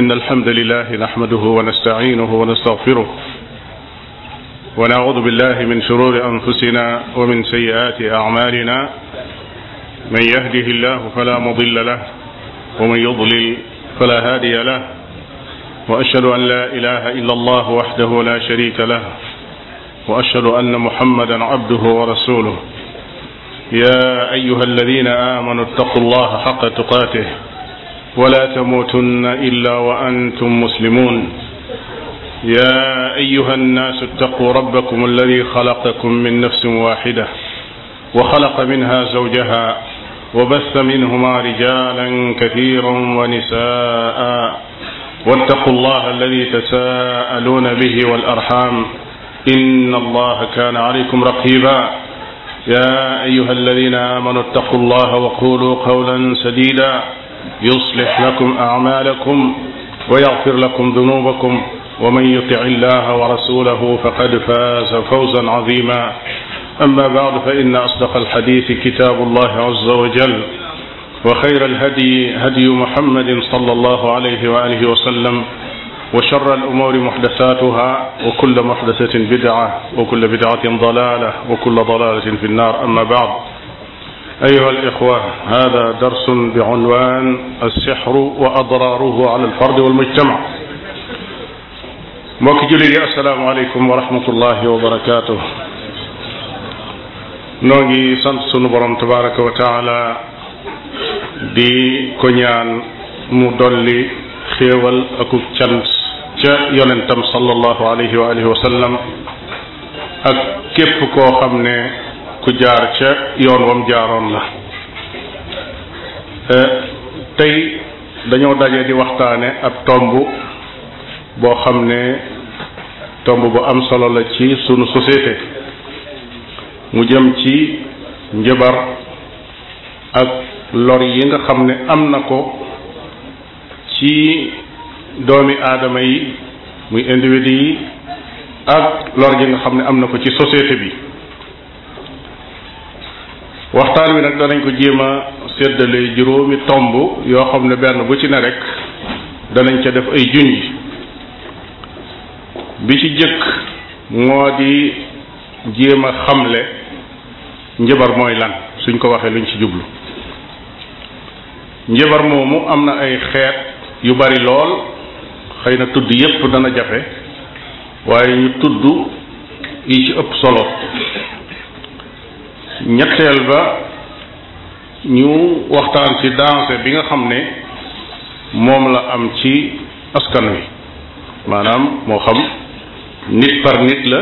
إن الحمد لله نحمده ونستعينه ونستغفره ونعوذ بالله من شرور أنفسنا ومن سيئات أعمالنا من يهده الله فلا مضل له ومن يضلل فلا هادي له وأشهد أن لا إله إلا الله وحده لا شريك له وأشهد أن محمدا عبده ورسوله يا أيها الذين آمنوا اتقوا الله حق تقاته ولا تموتن إلا وأنتم مسلمون يا أيها الناس اتقوا ربكم الذي خلقكم من نفس واحدة وخلق منها زوجها وبث منهما رجالا كثيرا ونساء واتقوا الله الذي تساءلون به والأرحام إن الله كان عليكم رقيبا يا أيها الذين آمنوا اتقوا الله وقولوا قولا سديدا يصلح لكم أعمالكم ويغفر لكم ذنوبكم ومن يطع الله ورسوله فقد فاز فوزا عظيما أما بعد فإن أصدق الحديث كتاب الله عز وجل وخير الهدي هدي محمد صلى الله عليه وآله وسلم وشر الأمور محدثاتها وكل محدثة بدعة وكل بدعة ضلالة وكل ضلالة في النار أما بعد أيها الإخوة هذا درس بعنوان السحر وأضراره على الفرد والمجتمع mbokki jullit yi asalaamaaleykum wa rahmatullahi wa barakaatu noo ngi sant sunu borom tabaraka wa taala di ko ñaan mu dolli xéewal akub cant ca yonentam sallallahu alayhi wa alihi wa sallam ak képp koo xam ne ku jaar ca yoon wom jaaroon la eh, tey dañoo daje di waxtaane ab tomb boo xam ne tomb bu am solo la ci sunu société mu jëm ci njëbar ak lor yi nga xam ne am na ko ci doomi aadama yi muy individu yi ak lor yi nga xam ne am na ko ci société bi waxtaan wi nag danañ ko jéem a séddale juróomi tomb yoo xam ne benn bu ci ne rek danañ ca def ay junj bi ci jëkk moo di jéem a xamle njëbar mooy lan suñ ko waxee luñ ci jublu njëbar moomu am na ay xeet yu bari lool xëy na tudd yépp dana jafe waaye ñu tudd yi ci ëpp solo ñetteel ba ñu waxtaan ci danger bi nga xam ne moom la am ci askan wi maanaam moo xam nit par nit la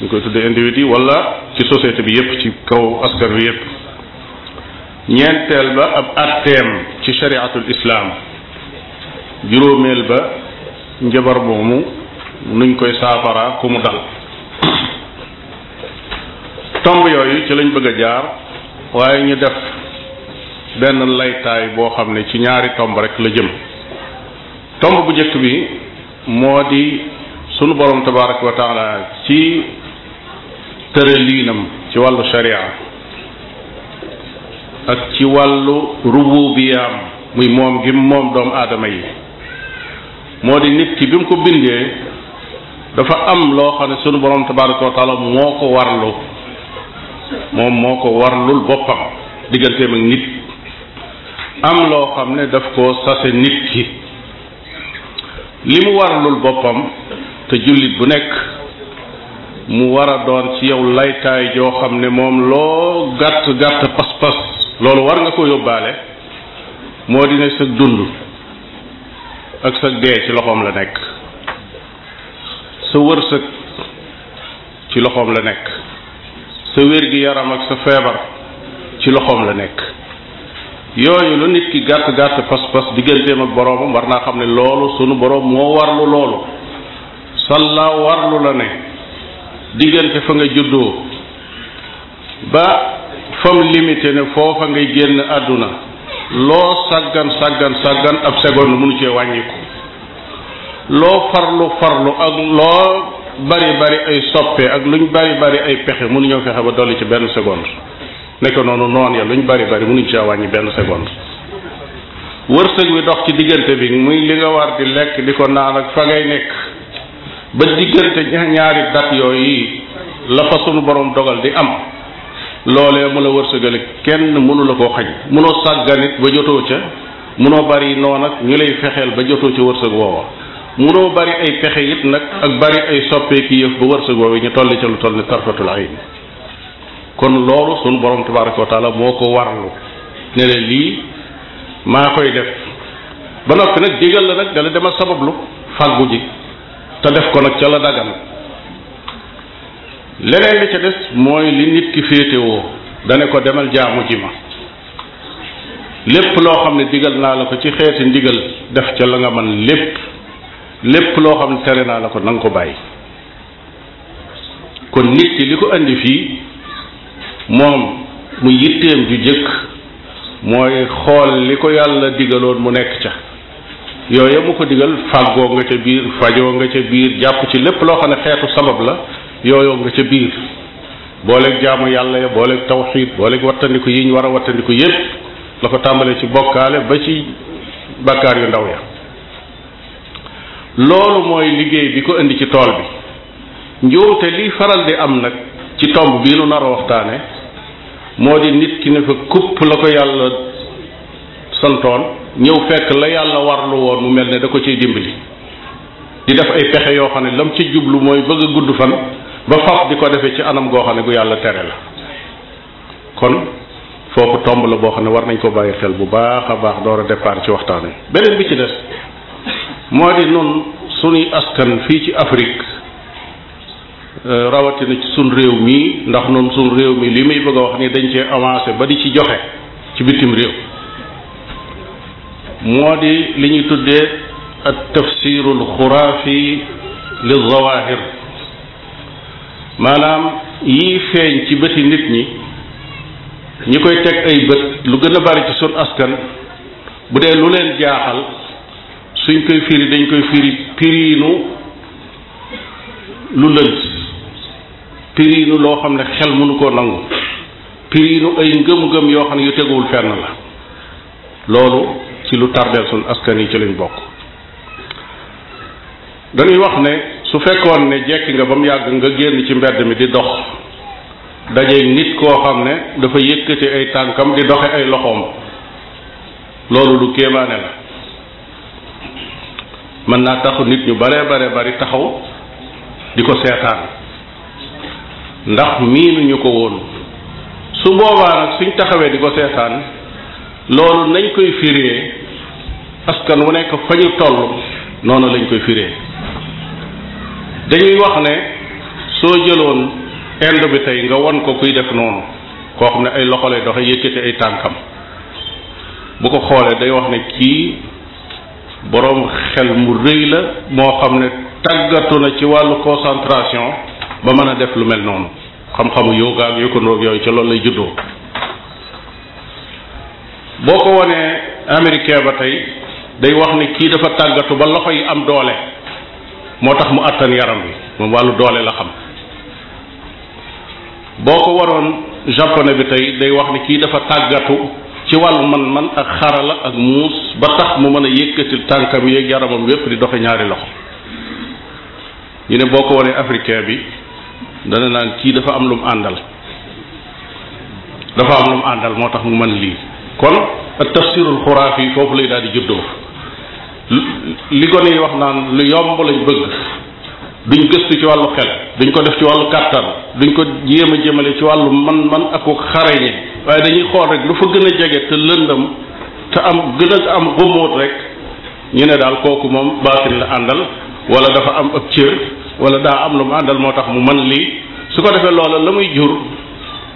ñu koy tuddee individu wala ci société bi yépp ci kaw askan wi yépp ñeenteel ba ab atteem ci shariatul islam juróomeel ba njabar moomu nuñ koy saafara ku mu dal tomb yooyu ci lañ bëgg a jaar waaye ñu def benn laytaay boo xam ne ci ñaari tomb rek la jëm tomb bu njëkk bi moo di sunu borom tabaraka wa taala ci tërëliinam ci wàllu sharia ak ci wàllu rububiyaam muy moom gi moom doomu aadama yi moo di nit ki bi mu ko bindee dafa am loo xam ne sunu borom tabaraka wa moo ko warlu moom moo ko warlul boppam digganteem ak nit am loo xam ne daf ko sase nit ki li mu warlul boppam te jullit bu nekk mu war a doon ci yow laytaay joo xam ne moom loo gàtt gàtt pas-pas loolu war nga ko yóbbaale moo di ne sa dund ak sa dee ci loxoom la nekk sa wërsëg ci loxoom la nekk sa wér-gi-yaram ak sa feebar ci loxoom la nekk yooyu lu nit ki gàtt gàtt pas-pas digganteem ak boroomam war naa xam ne loolu sunu boroom moo warlu loolu salla warlu la ne diggante fa nga juddoo ba fam limité ne foofa ngay génn àdduna loo sàggan sàggan sàggan ab seconde mënu cee wàññiku loo farlu farlu ak loo bari bari ay soppe ak lu ñu bari bari ay pexe mënuñoo fexe ba dolli ci benn seconde nekk noonu noon ya ñu bari bari mënuñ caa wàññi benn seconde wërsëg wi dox ci diggante bi muy li nga war di lekk di ko naan ak fa ngay nekk ba diggante ñaari dat yooyu la fa sunu borom dogal di am loolee mu la wërsëgale kenn mënu la koo xañ mënoo sàgganit ba jotoo ca mënoo bari noon ak ñu lay fexeel ba jotoo ca wërsëg woowa munoo bari ay pexe it nag ak bari ay soppeeku yëf ba wërsëg woowu ñu toll ca lu toll ni tarfatul ayn kon loolu sunu borom tabaraka wa taala moo ko warlu ne la lii maa koy def ba noppi nag digal la nag dala demal sabablu fàggu ji te def ko nag ca la dagan leneen li ca des mooy li nit ki féetewoo dana ko demal jaamu ji ma lépp loo xam ne digal naa la ko ci xeeti ndigal def ca la nga man lépp lépp loo xam ne tere naa la ko nanga ko bàyyi kon nit ki li ko indi fii moom mu yitteem ju jëkk mooy xool li ko yàlla digaloon mu nekk ca yooya mu ko digal fàggoo nga ca biir fajoo nga ca biir jàpp ci lépp loo xam ne xeetu sabab la yooyoo nga ca biir booleeg jaamu yàlla ya booleeg tawxiid booleeg wattandiku yi ñu war a wattandiku yépp la ko tàmbalee ci bokkaale ba ci bàkkaar yu ndaw ya loolu mooy liggéey bi ko indi ci tool bi njuumte liy faral di am nag ci tomb bii nu nar a waxtaane moo di nit ki ne fa kupp la ko yàlla santoon ñëw fekk la yàlla warlu woon mu mel ni da ko ciy dimbali di def ay pexe yoo xam ne lam ci jublu mooy bëgg gudd fan ba faf di ko defee ci anam goo xam ne bu yàlla tere la kon foofu tomb la boo xam ne war nañ ko bàyyi xel bu baax a baax door a départ ci waxtaane beneen bi ci des moo di nun sunuy askan fii ci Afrique euh, rawatina ci sun réew mii ndax noonu sun réew mii li may bëgg a wax nii dañu cee avancé ba di ci joxe ci bitim réew moo di li ñuy tuddee at tafsirul xuraafi li zawahir maanaam yii feeñ ci bëti nit ñi ñi koy teg ay bët lu gën a bari ci sun askan bu dee lu leen jaaxal suñ koy firi dañ koy firi piriinu lu lënt piriinu loo xam ne xel mënu koo nangu piriinu ay ngëm-ngëm yoo xam ne yu teguwul fenn la loolu ci lu tardeel suñ askan yi ci lañ bokk dañuy wax ne su fekkoon ne jekki nga ba mu yàgg nga génn ci mbedd mi di dox daje nit koo xam ne dafa yëkkati ay tànkam di doxe ay loxoom loolu lu kéemaane la mën naa taxu nit ñu bare bare bari taxaw di ko seetaan ndax mii lañu ko woon su boobaa nag suñ taxawee di ko seetaan loolu nañ koy firee askan wu nekk fa ñu toll noonu lañ koy firee dañuy wax ne soo jëloon ind bi tey nga won ko kuy def noonu koo xam ne ay loxo lay doxe yëkkati ay tànkam bu ko xoolee day wax ne kii boroom xel mu rëy la moo xam ne tàggatu na ci wàllu concentration ba mën a def lu mel noonu xam-xamu yoga ak yooyu ca loolu lay juddoo boo ko wanee américain ba tey day wax ni kii dafa tàggatu ba loxo yi am doole moo tax mu àttan yaram bi moom wàllu doole la xam boo ko waroon japonais bi tey day wax ne kii dafa tàggatu ci wàllu man-man ak xarala ak muus ba tax mu mën a yëkkatil tànkam yeeg yaramam yépp di doxe ñaari loxo ñu ne boo ko wanee africain bi dana naan kii dafa am lu mu àndal dafa am lu mu àndal moo tax mu mën lii kon ak tafsirul xuraaf yi foofu lay daal di juddoo li ko nii wax naan lu yomb lañ bëgg duñ gëstu ci wàllu xel duñ ko def ci wàllu kàttan duñ ko jéem a jëmale ci wàllu man-man ak ko xarañe waaye dañuy xool rek lu fa gën a jege te lëndam te am gën a am gummóot rek ñu ne daal kooku moom baatin la àndal wala dafa am ab cër wala daa am lu mu àndal moo tax mu man lii su ko defee loola la muy jur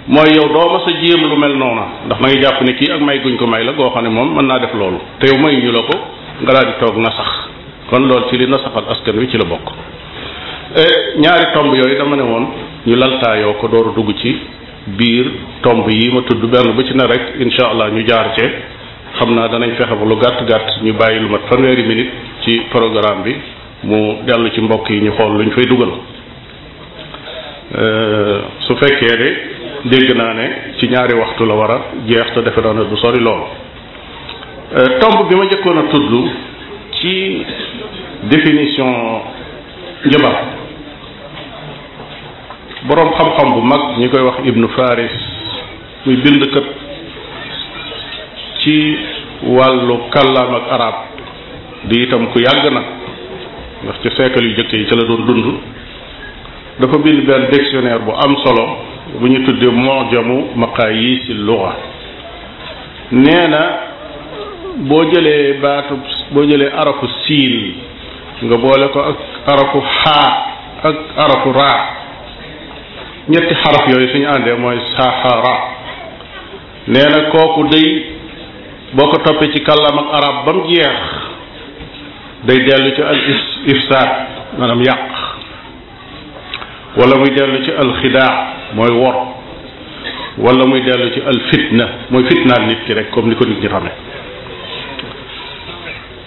mooy yow doo ma sa jéem lu mel noona ndax na jàpp ne kii ak may guñ ko may la goo xam ne moom mën naa def loolu te yow may ñu la ko nga daal di toog na sax kon loolu ci li na askan wi ci la bokk Eh, ñaari tomb yooyu dama ne woon ñu laltaayoo ko dooru dugg ci biir tomb yi ma tudd benn bu ci ne rek incha allah ñu jaar ce xam naa danañ fexe ba lu gàtt gàtt ñu bàyyi lu mat fanweeri minute ci programme bi mu dellu ci mbokk yi ñu xool luñ fay dugal eh, su fekkee de dégg naa ne ci ñaari waxtu la war a jeex te defe naa ne du sori lool eh, tomb bi ma njëkkoon a tudd ci définition. njëbal boroom xam-xam bu mag ñi koy wax ibnu faris muy bindkat ci wàllu kàllaam ak arab di itam ku yàgg na ndax ci siècle yu jëkk yi ci la doon dund dafa bind benn dictionnaire bu am solo bu ñu tuddee mujamu maqayis al-lugha nee na boo jëlee baatu boo jëlee arafu siin nga boole ko ak arafu xaa ak arafu raa ñetti xaraf yooyu suñu àndee mooy saxara nee na kooku day boo ko toppee ci kàllaam ak arab ba mu jeex day dellu ci al ifsaad maanaam yàq wala muy dellu ci al xidaa mooy wor wala muy dellu ci al fitna mooy fitnaal nit ki rek comme ni ko nit ñi xamee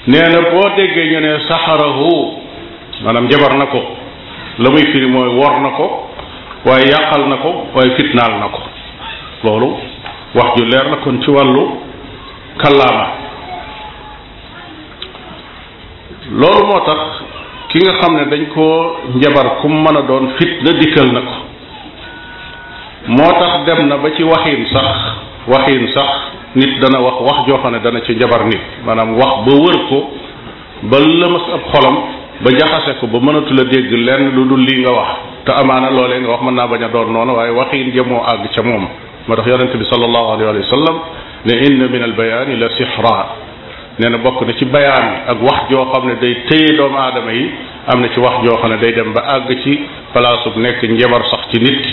nee boo déggee ñu ne saxarahu maanaam jabar na ko la muy firi mooy wor na ko waaye yàqal na ko waaye fitnaal na ko loolu wax ju leer la kon ci wàllu kàllaama loolu moo tax ki nga xam ne dañ koo jabar ku mën a doon fitna dikkal na ko moo tax dem na ba ci waxiin sax waxiin sax nit dana wax wax joo xam ne dana ci njabar nit maanaam wax ba wër ko ba lëmas ab xolam ba jaxase ko ba mënatula dégg lenn lu dul lii nga wax te amaana loolee nga wax mën naa bañ a doon noonu waaye waxiin jëmoo àgg ca moom moo tax yonente bi sallallahu alayhi wa sallam ne inna min al bayaani la sixra nee na bokk na ci bayaan ak wax joo xam ne day téye doomu aadama yi am na ci wax joo xam ne day dem ba àgg ci palaasub nekk njabar sax ci nit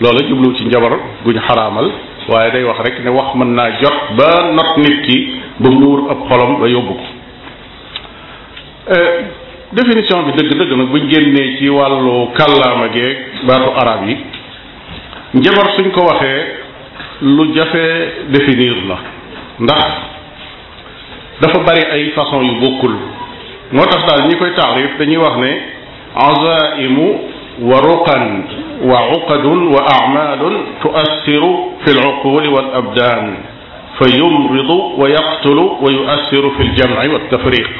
loolu jublu ci njabar guñ xaraamal waaye day wax rek ne wax mën naa jot ba not nit ki ba muur ab xolom ba yóbbu ko euh, bi dëgg-dëgg nag buñ génnee ci wàllu kàllaama geeg baatu arab yi njabar suñ ko waxee lu jafee définir la ndax dafa bari ay façon yu bokkul moo tax daal ñi koy taarif dañuy wax ne azaimu wa wa uqadun wa amalun fi lcuquli wal abdaan fa yumridu wa yaqtulu wa yuassiru fi ljamci wa tafriq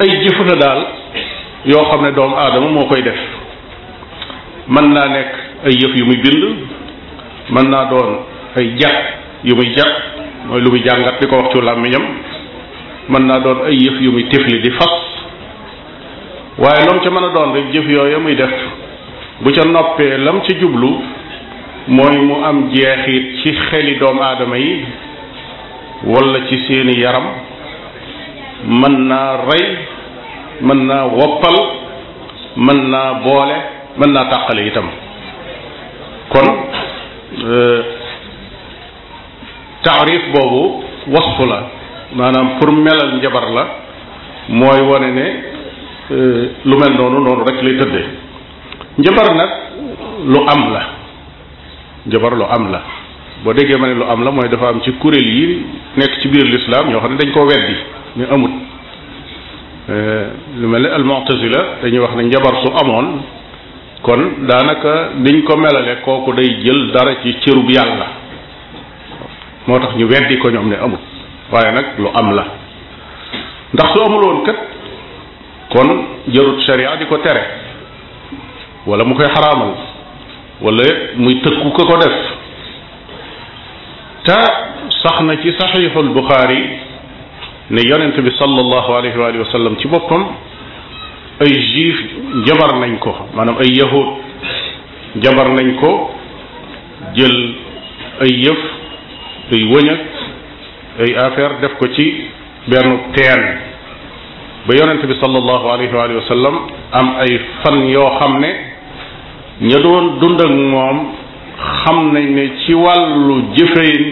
ay jëf la daal yoo xam ne doomu aadama moo koy def mën naa nekk ay yëf yu muy bind mën naa doon ay jàpp yu muy jàpp mooy lu muy jàngat di ko wax ci làmmiñam mën naa doon ay yëf yu muy tifli di fas waaye lam ca mën a doon rek jëf yooya muy def bu ca noppee lam ca jublu mooy mu am jeexit ci xeli doomu aadama yi wala ci seeni yaram mën naa rey mën naa woppal mën naa boole mën naa taqale itam kon euh, taarif boobu wasfu la maanaam pour melal njabar la mooy wane ne euh, lu mel noonu noonu rek lay tëdde njabar nag lu am la njabar lu am la boo déggee ma ne lu am la mooy dafa am ci kuréel yi nekk ci biir lislaam yoo xam ne dañ koo weddi ñu amut eh, lu mel ne almutazila dañuy wax ne njabar su amoon kon daanaka niñ ko melale kooku day jël dara ci cërub yàlla moo tax ñu weddi ko ñoom ne amut waaye nag lu am la ndax su amul kët kon jërut sharia di ko tere wala mu koy xaraamal wala muy tëkku ko ko def te sax na ci saxiixul buxaari ne yonent bi sallallahu alayhi wa sallam ci boppam ay juif jabar nañ ko maanaam ay yahud jabar nañ ko jël ay yëf ay wëñak ay affaire def ko ci benn teen ba yonent bi sallallahu alayhi wa sallam am ay fan yoo xam ne ña doon dund ak moom xam nañ ne ci wàllu jëfeyin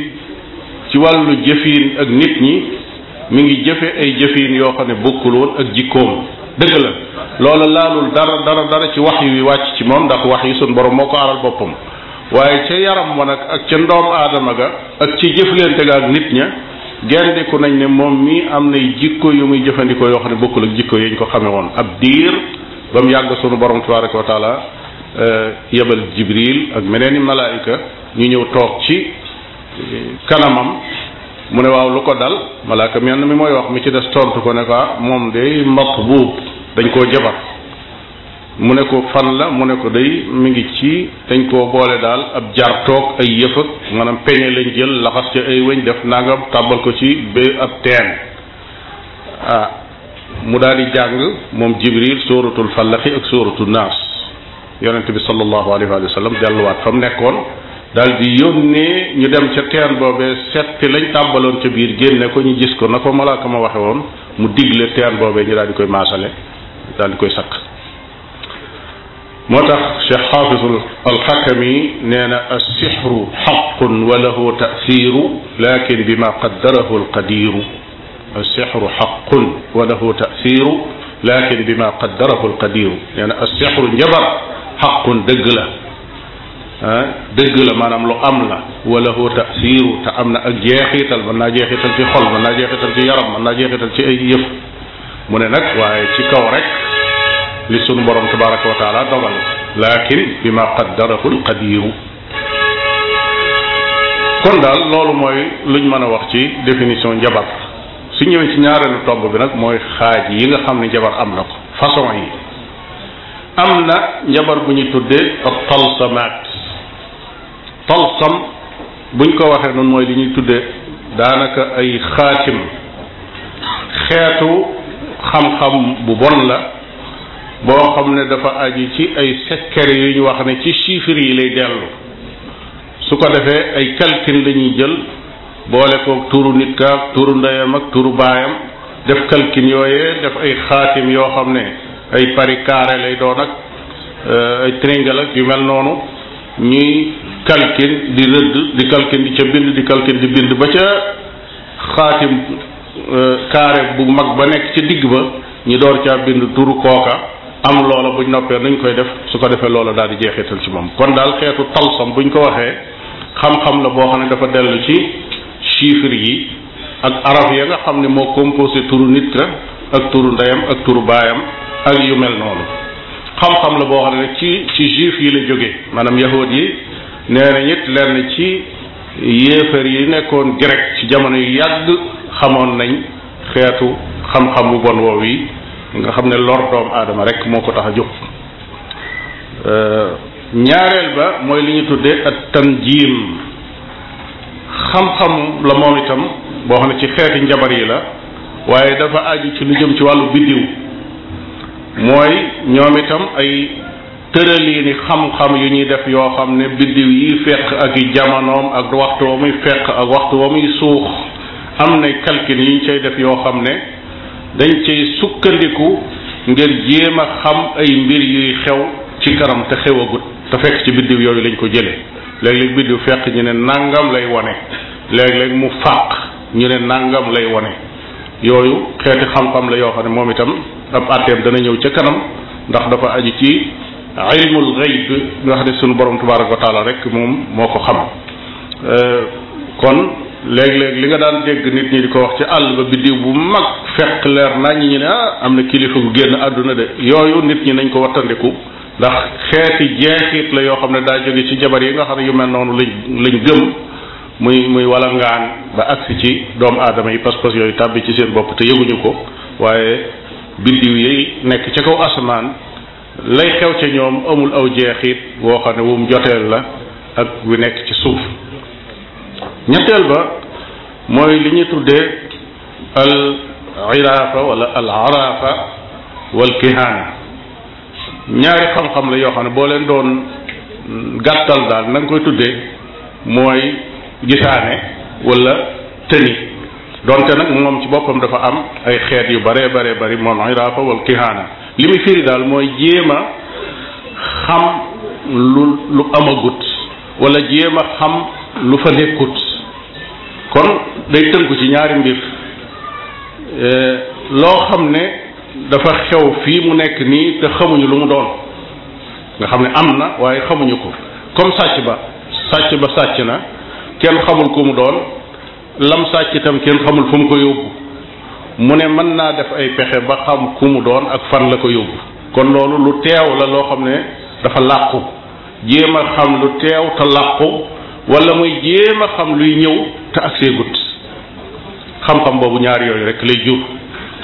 ci wàllu jëfiin ak nit ñi mu ngi jëfe ay jëfiin yoo xam ne bokkul woon ak jikkoom dëgg la loola laalul dara dara dara ci wax yu wàcc ci moom ndax wax yi suñu borom moo ko aral boppam waaye ca yaram wa nag ak ca ndoomu aadama ga ak ci jëflante ga ak nit ña gendiku nañ ne moom mii am nay jikko yu muy jëfandikoo yoo xam ne bokkul ak jikko yañ ko xame woon ab diir ba mu yàgg sunu borom tabaraka wa Euh, yebal jibril ak meneeni malaayika ñu ñëw toog ci kanamam mu ne waaw lu ko dal malaaka menn mi mooy wax mi ci des tontu ko ne ko ah, moom day matbuub dañ koo jabar mu ne ko fan la mu ne ko day mi ngi ci dañ koo boole daal ab jar toog ay yëf ak maanaam peñe lañ jël laxas ca ay weñ def nangam tàbbal ko ci ba ab teen ah mu daal di jàng moom jibril sóoratul fallaxi ak sóoratu naas yonent bi sallallahu alayhi wa sallam delluwaat fa mu nekkoon daal di yónnee ñu dem ca teen boobee setti lañ tàmbaloon ca biir génne ko ñu gis ko na ko malaaka ma waxe woon mu digle teen boobee ñu daal di koy maasale daal di koy sakk moo tax cheikh xaafisul alxakami nee na assixru xaqun wa lahu taasiru lakin bima qaddarahu alqadiru assixru xaqun wa lahu taasiru lakin bima qaddarahu alqadiru nee na assixru njabar xaqun dëgg la ah dëgg la maanaam lu am la walahu tasiru te am na ak jeexital mën naa jeexital ci xol mën naa jeexital ci yaram mën naa jeexital ci ay yëf mu ne nag waaye ci kaw rek li sunu borom tabaraka wa taala dogal laakin bi ma qaddarahu alqadiru kon daal loolu mooy luñ mën a wax ci définition njabar su ñëwee ci ñaareelu tomb bi nag mooy xaaj yi nga xam ne njabar am na ko façon yi am na njabar bu ñu tuddee ab talsamaat talsam buñ ko waxee noonu mooy li ñuy tuddee daanaka ay xaatim xeetu xam-xam bu bon la boo xam ne dafa aju ci ay secret yu ñu wax ne ci chiffres yi lay dellu su ko defee ay calcul lañuy jël boole koog turu nit kaak turu ndeyam ak turu baayam def calcul yooyee def ay xaatim yoo xam ne ay pari carré lay doon ak eh, ay triangle ak yu mel noonu ñuy calcul di rëdd di calcul di ca bind di calcul di bind ba ca xaatim eh, carré bu mag ba nekk ca digg ba ñu door caa bind turu kooka am loola buñ noppee nuñ koy def su ko defee loolo daal di jeexital ci moom kon daal xeetu talsam ñu ko waxee xam-xam la boo xam ne dafa dellu ci chiffre yi ak araf ya nga xam ne moo composé turu nit ka ak turu ndeyam ak turu baayam ak yu mel noonu xam-xam la boo xam ne ci ci juif yi la jóge maanaam yahud yi nee na it lenn ci yéefar yi nekkoon grec ci jamono yu yàgg xamoon nañ xeetu xam-xam bu bon woow yi nga xam ne lor doomu aadama rek moo ko tax a jóg euh, ñaareel ba mooy li ñu tuddee at tanjiim xam-xam la moom itam boo xam ne ci xeeti njabar yi la waaye dafa aju ci lu jëm ci wàllu biddiw mooy ñoom itam ay tëraliini xam-xam yu ñuy def yoo xam ne biddiw yi feq ak i jamonoom ak waxtu wa muy fekk ak waxtu wa muy suux am na calcul yi ñu cay def yoo xam ne dañ cay sukkandiku ngir jéem a xam ay mbir yuy xew ci kanam te xewagut te fekk ci biddiw yooyu lañ ko jëlee léeg-léeg biddiw fekk ñu ne nangam lay wone léeg-léeg mu fàq ñu ne nangam lay wane yooyu xeeti xam-xam la yoo xam ne moom itam am àtteem dana ñëw ca kanam ndax dafa aju ci ilmul gayb nga xam ne sunu borom tabaraka wa rek moom moo ko xam euh, kon léeg-léeg li nga daan dégg nit ñi di ko wax ci àll ba biddiw bu mag fekk leer naa ñi ñu ne ah, am na kilifa gu génn àdduna de yooyu nit ñi nañ ko wattandiku ndax xeeti jeexit la yoo xam ne daa jóge ci jabar yi nga xam ne yu mel noonu lañ lañ gëm muy muy walangaan ba agsi ci doomu aadama yi pas-pas yooyu tàbbi ci seen bopp te yëguñu ko waaye bindiw yi nekk ca kaw asamaan lay xew ca ñoom amul aw jeexit woo xam ne wum joteel la ak wi nekk ci suuf ñetteel ba mooy li ñu tuddee al iraafa wala al araafa wal kihaana ñaari xam-xam la yoo xam ne boo leen doon gàttal daal na koy tuddee mooy gisaane wala tëni donte nag moom ci boppam dafa am ay xeet yu baree baree bari moom iraafa wal kihaana li muy firi daal mooy jéema xam lu lu amagut wala jéem a xam lu fa nekkut kon day tënku ci ñaari mbir e, loo xam ne dafa xew fii mu nekk nii te xamuñu lu mu doon nga xam ne am na waaye xamuñu ko comme sàcc ba sàcc ba sàcc na kenn xamul ko mu doon lam sàcc itam kenn xamul fu mu ko yóbbu mu ne mën naa def ay pexe ba xam ku mu doon ak fan la ko yóbbu kon loolu lu teew la loo xam ne dafa làqu jéem a xam lu teew te làqu wala muy jéem a xam luy ñëw te ak seegut xam-xam boobu ñaar yooyu rek lay jur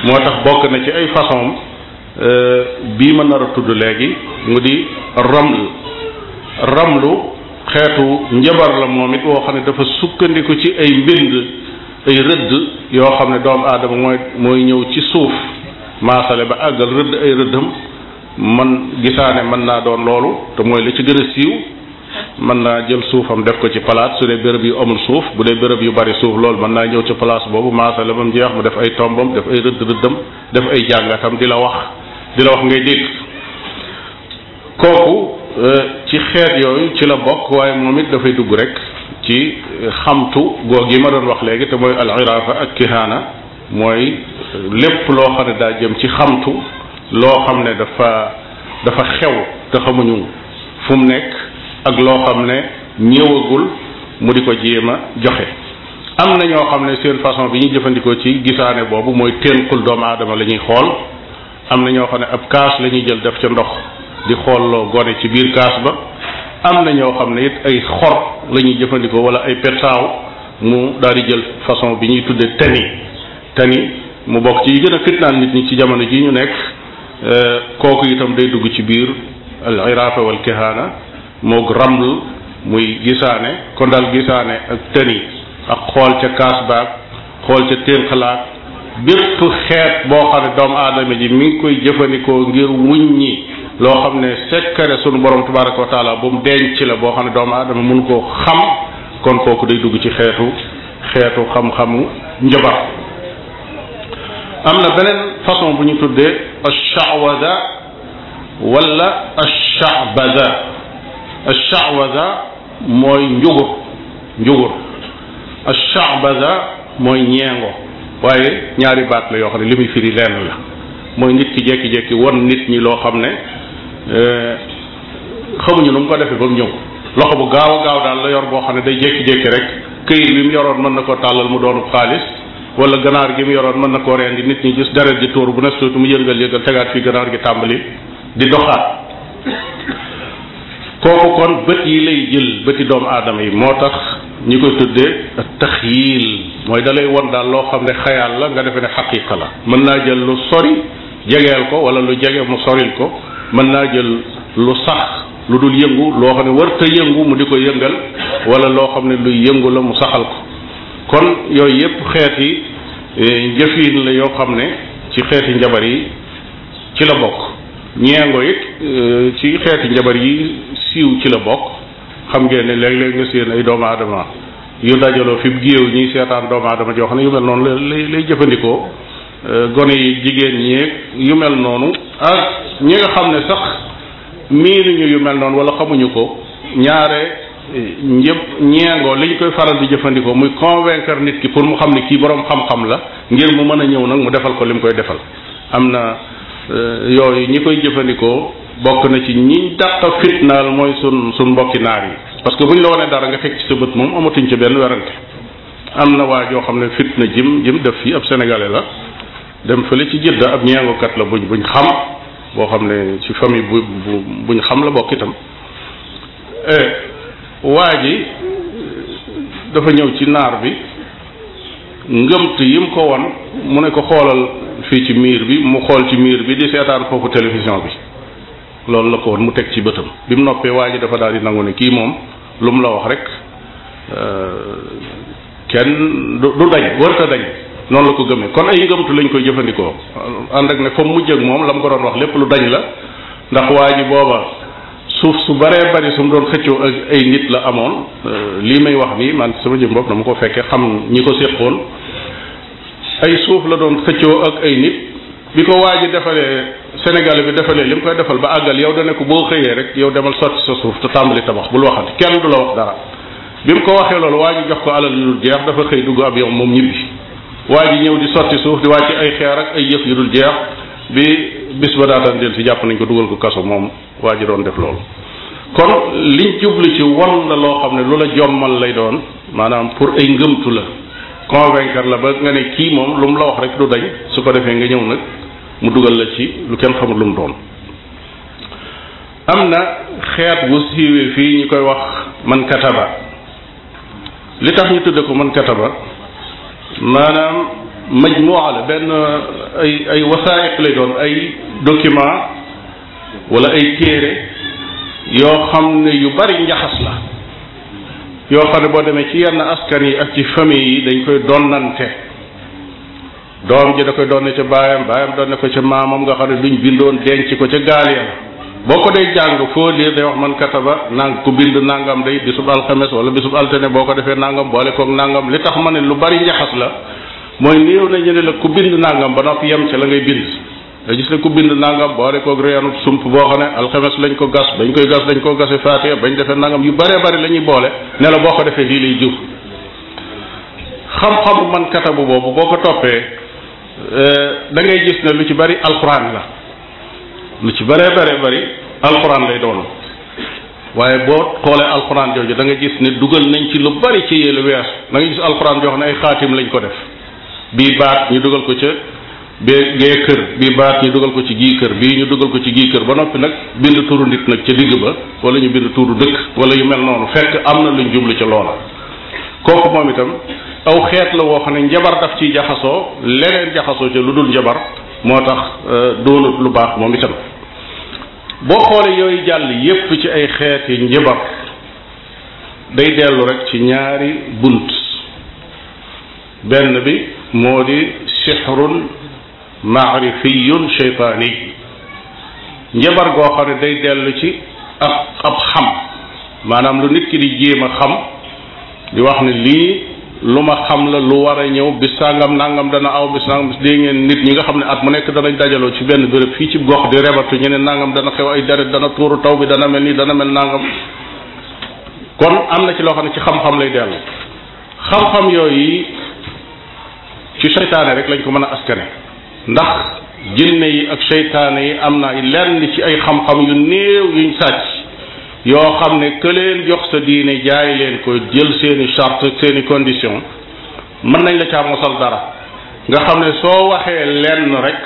moo tax bokk na ci ay façon euh, bii ma nar a tudd léegi mu di ramlu ramlu xeetu njabar la moom it woo xam ne dafa sukkandiku ci ay mbind ay rëdd yoo xam ne doomu aadama mooy mooy ñëw ci suuf maasale ba àggal rëdd ay rëddam man gisaane mën naa doon loolu te mooy li ci gën a siiw mën naa jël suufam def ko ci palaat su dee béréb yu amul suuf bu dee béréb yu bari suuf loolu mën naa ñëw ci place boobu maasale ba mu jeex mu def ay tombam def ay rëdd rëddam def ay jàngatam di la wax di la wax ngay dégg kooku Euh, ci xeet yooyu ci la bokk waaye moom it dafay dugg rek ci euh, xamtu goog yi ma doon wax léegi te mooy al ak kihaana mooy euh, lépp loo xam ne daa jëm ci xamtu loo xam ne dafa dafa xew te xamuñu fu mu nekk ak loo xam ne ñëwagul mu di ko jéem a joxe am na ñoo xam ne seen façon bi ñuy jëfandikoo ci gisaane boobu mooy ténqul doomu aadama la ñuy xool am na ñoo xam ne ab kaas lañuy jël def ca ndox di loo gone ci biir kaas ba am na ñoo xam ne it ay xor lañuy jëfandikoo wala ay petaaw mu daal di jël façon bi ñuy tuddee tani tani mu bokk ci yi gën a fitnaan nit ñi ci jamono ji ñu nekk eh, kooku itam day dugg ci biir al iraafa wal mook moog muy gisaane kon daal gisaane ak tani ak xool ca kaas baag xool ca ténqalaak bépp xeet boo xam ne doomu aadama ji mi ngi koy jëfandikoo ngir wuñ ñi loo xam ne sekkare sunu borom tabaraka wa taala bu mu denc la boo xam ne doomu aadama mun koo xam kon kooku day dugg ci xeetu xeetu xam-xamu njabar am na beneen façon bu ñu tuddee ash-sha'waza wala ash-sha'baza ash mooy njugur njugur ash mooy ñeengo waaye ñaari baat la yoo xam ne li muy firi lenn la mooy nit ki jekki-jekki won nit ñi loo xam ne euh, xamuñu nu mu ko defee ba mu ñëw loxo bu gaaw a gaaw daal la yor boo xam ne day jekki-jekki rek këyit bi mu yoroon mën na koo tàllal mu doonub xaalis wala ganaar gi mu yoroon mën na koo reen di nit ñi gis deret ji toor bu ne suutu mu yëngal yëngal tegaat fii ganaar gi tàmbali di doxaat kooku kon bët yi lay jël bëti doomu aadama yi moo tax ñi ko tuddee taxyil mooy da lay won daal loo xam ne xayaal la nga defe ne xaqiqa la mën naa jël lu sori jegeel ko wala lu jege mu soril ko mën naa jël lu sax lu dul yëngu loo xam ne warta yëngu mu di ko yëngal wala loo xam ne luy yëngu la mu saxal ko kon yooyu yépp xeet yi e, jëfiin la yoo xam ne ci xeeti njabar yi ci la bokk ñeengo it e, ci xeeti njabar yi siiw ci la bokk xam ngeen ne léeg-léeg nga séen ay doomu adama yu dajaloo fi mu géew ñuy seetaan doomu aadama joo xam ne yu mel noonu lay lay jëfandikoo euh, gone yi jigéen ñi yu mel noonu ak ah, ñi nga xam ne sax miinuñu yu mel noonu wala xamuñu ko ñaare ñëpp ñeengoo li ñu koy faral di jëfandikoo muy convaincre nit ki pour mu xam ne kii boroom xam-xam la ngir mu mën a ñëw nag mu defal ko li mu koy defal am na Euh, yi ñi koy jëfandikoo bokk na ci ñi dàq fitnaal mooy sun suñ mbokki naar yi parce que bu ñu la wanee dara nga teg ci sa bët moom amatuñ ci benn werante am na waa joo xam ne fitna jim jim def fii ab sénégalais la dem fële ci jënd ab ñeengukat la buñ buñ xam boo xam ne ci famille bu buñ xam la bokk itam eh, waa ji dafa ñëw ci naar bi ngëmt yim ko won mu ne ko xoolal fii ci miir bi mu xool ci miir bi di seetaan foofu télévision bi loolu la ko woon mu teg ci bëtam bi mu noppee waa ji dafa daal di nangu ne kii moom lu mu la wax rek euh, kenn du dañ warta dañ noonu la ko gëmee kon ay ngëmtu lañ koy jëfandikoo ànd ak ne fa mu ak moom la mu ko doon wax lépp lu dañ la ndax waa ji booba suuf su baree bari su mu doon xëccoo ak ay nit la amoon euh, lii may wax nii man sama jëm bopp dama ko fekkee xam ñi ko séqoon ay suuf la doon xëccoo ak ay nit bi ko waa ji defalee Sénégal bi defalee li mu koy defal ba àggal yow dana ko boo xëyee rek yow demal sotti sa suuf te tàmbali tabax bul waxante kenn du la wax dara bi mu ko waxee loolu waa ji jox ko alal lu dul jeex dafa xëy dugg avion moom ñibbi waa ji ñëw di sotti suuf di wàcc ay xeer ak ay yëf yu dul jeex bi bis ba daataan del si jàpp nañ ko dugal ko kaso moom waa ji doon def loolu kon liñ jublu ci wan loo xam ne lu la jommal lay doon maanaam pour ay ngëmtu la convaincre la ba nga ne kii moom lu mu la wax rek du dañ su ko defee nga ñëw nag mu dugal la ci lu kenn xamul lu mu doon am na xeet wu siiwee fii ñu koy wax mankata ba li tax ñu tudde ko man ba maanaam majmuwa la benn ay ay wasaaiq lay doon ay document wala ay téere yoo xam ne yu bari njaxas la yoo xam ne boo demee ci yenn askan yi ak ci famille yi dañ koy donnante doom ji da koy donne ca baayam baayam donne ko ca maamam nga xam ne duñ bindoon denc ko ca gaal boo ko dee jàng foo lii day wax man kataba nang ku bind nangam day bisub alxames wala bisub altene boo ko defee nangam boole koog nangam li tax ma ne lu bari njaxas la mooy néew na ñu la ku bind nangam ba nopp yem ca la ngay bind nga gis ne ku bind nangam boole koog reenu sump boo xam ne alxames lañ ko gas bañ koy gas dañ koo gase faatiya bañ defee nangam yu bëree bëri la ñuy boole ne boo ko defee lii lay jur xam-xamu man katabu boobu boo ko toppee eh, da ngay gis ne lu ci bari alxuraan la lu ci bëree bare bari alxuraan lay doon waaye boo xoolee alxuraan jooju da nga gis ne dugal nañ ci lu bari ci yéelu weesu da nga gis alxuraan joo ne ay xaatim lañ ko def bii baat ñu dugal ko ca bee gee kër bii baat ñu dugal ko ci gii kër bii ñu dugal ko ci gii kër ba noppi nag bind turu nit nag ca digg ba wala ñu bind turu dëkk wala yu mel noonu fekk am na luñ jublu ci loola kooku moom itam aw xeet la woo xam ne njabar daf ciy jaxasoo leneen jaxasoo ca lu dul njabar moo tax euh, doonut lu baax moom itam boo xoolee yooyu jàll yépp ci ay xeeti njabar day dellu rekk ci ñaari bunt benn bi moo di sixrun maarifiyun sheytaani njabar goo xam ne day dellu ci ab ab xam maanaam lu nit ki di jéem a xam di wax ne lii lu ma xam la lu war a ñëw bis sàngam nangam dana aw bis nangam bis dee ngeen nit ñi nga xam ne at mu nekk danañ dajaloo ci benn béréb fii ci gox di rebatu ñeneen ne nangam dana xew ay deret dana tuuru taw bi dana mel nii dana mel nangam kon am na ci loo xam ne ci xam-xam lay dellu xam-xam yooyu ci seytaane rek lañ ko mën a askane ndax jinne yi ak seytaane yi am na lenn ci ay xam-xam yu néew yuñ sàcc yoo xam ne këleen jox sa diine jaay leen ko jël seeni charte seeni condition mën nañ la caa mosal dara nga xam ne soo waxee lenn rek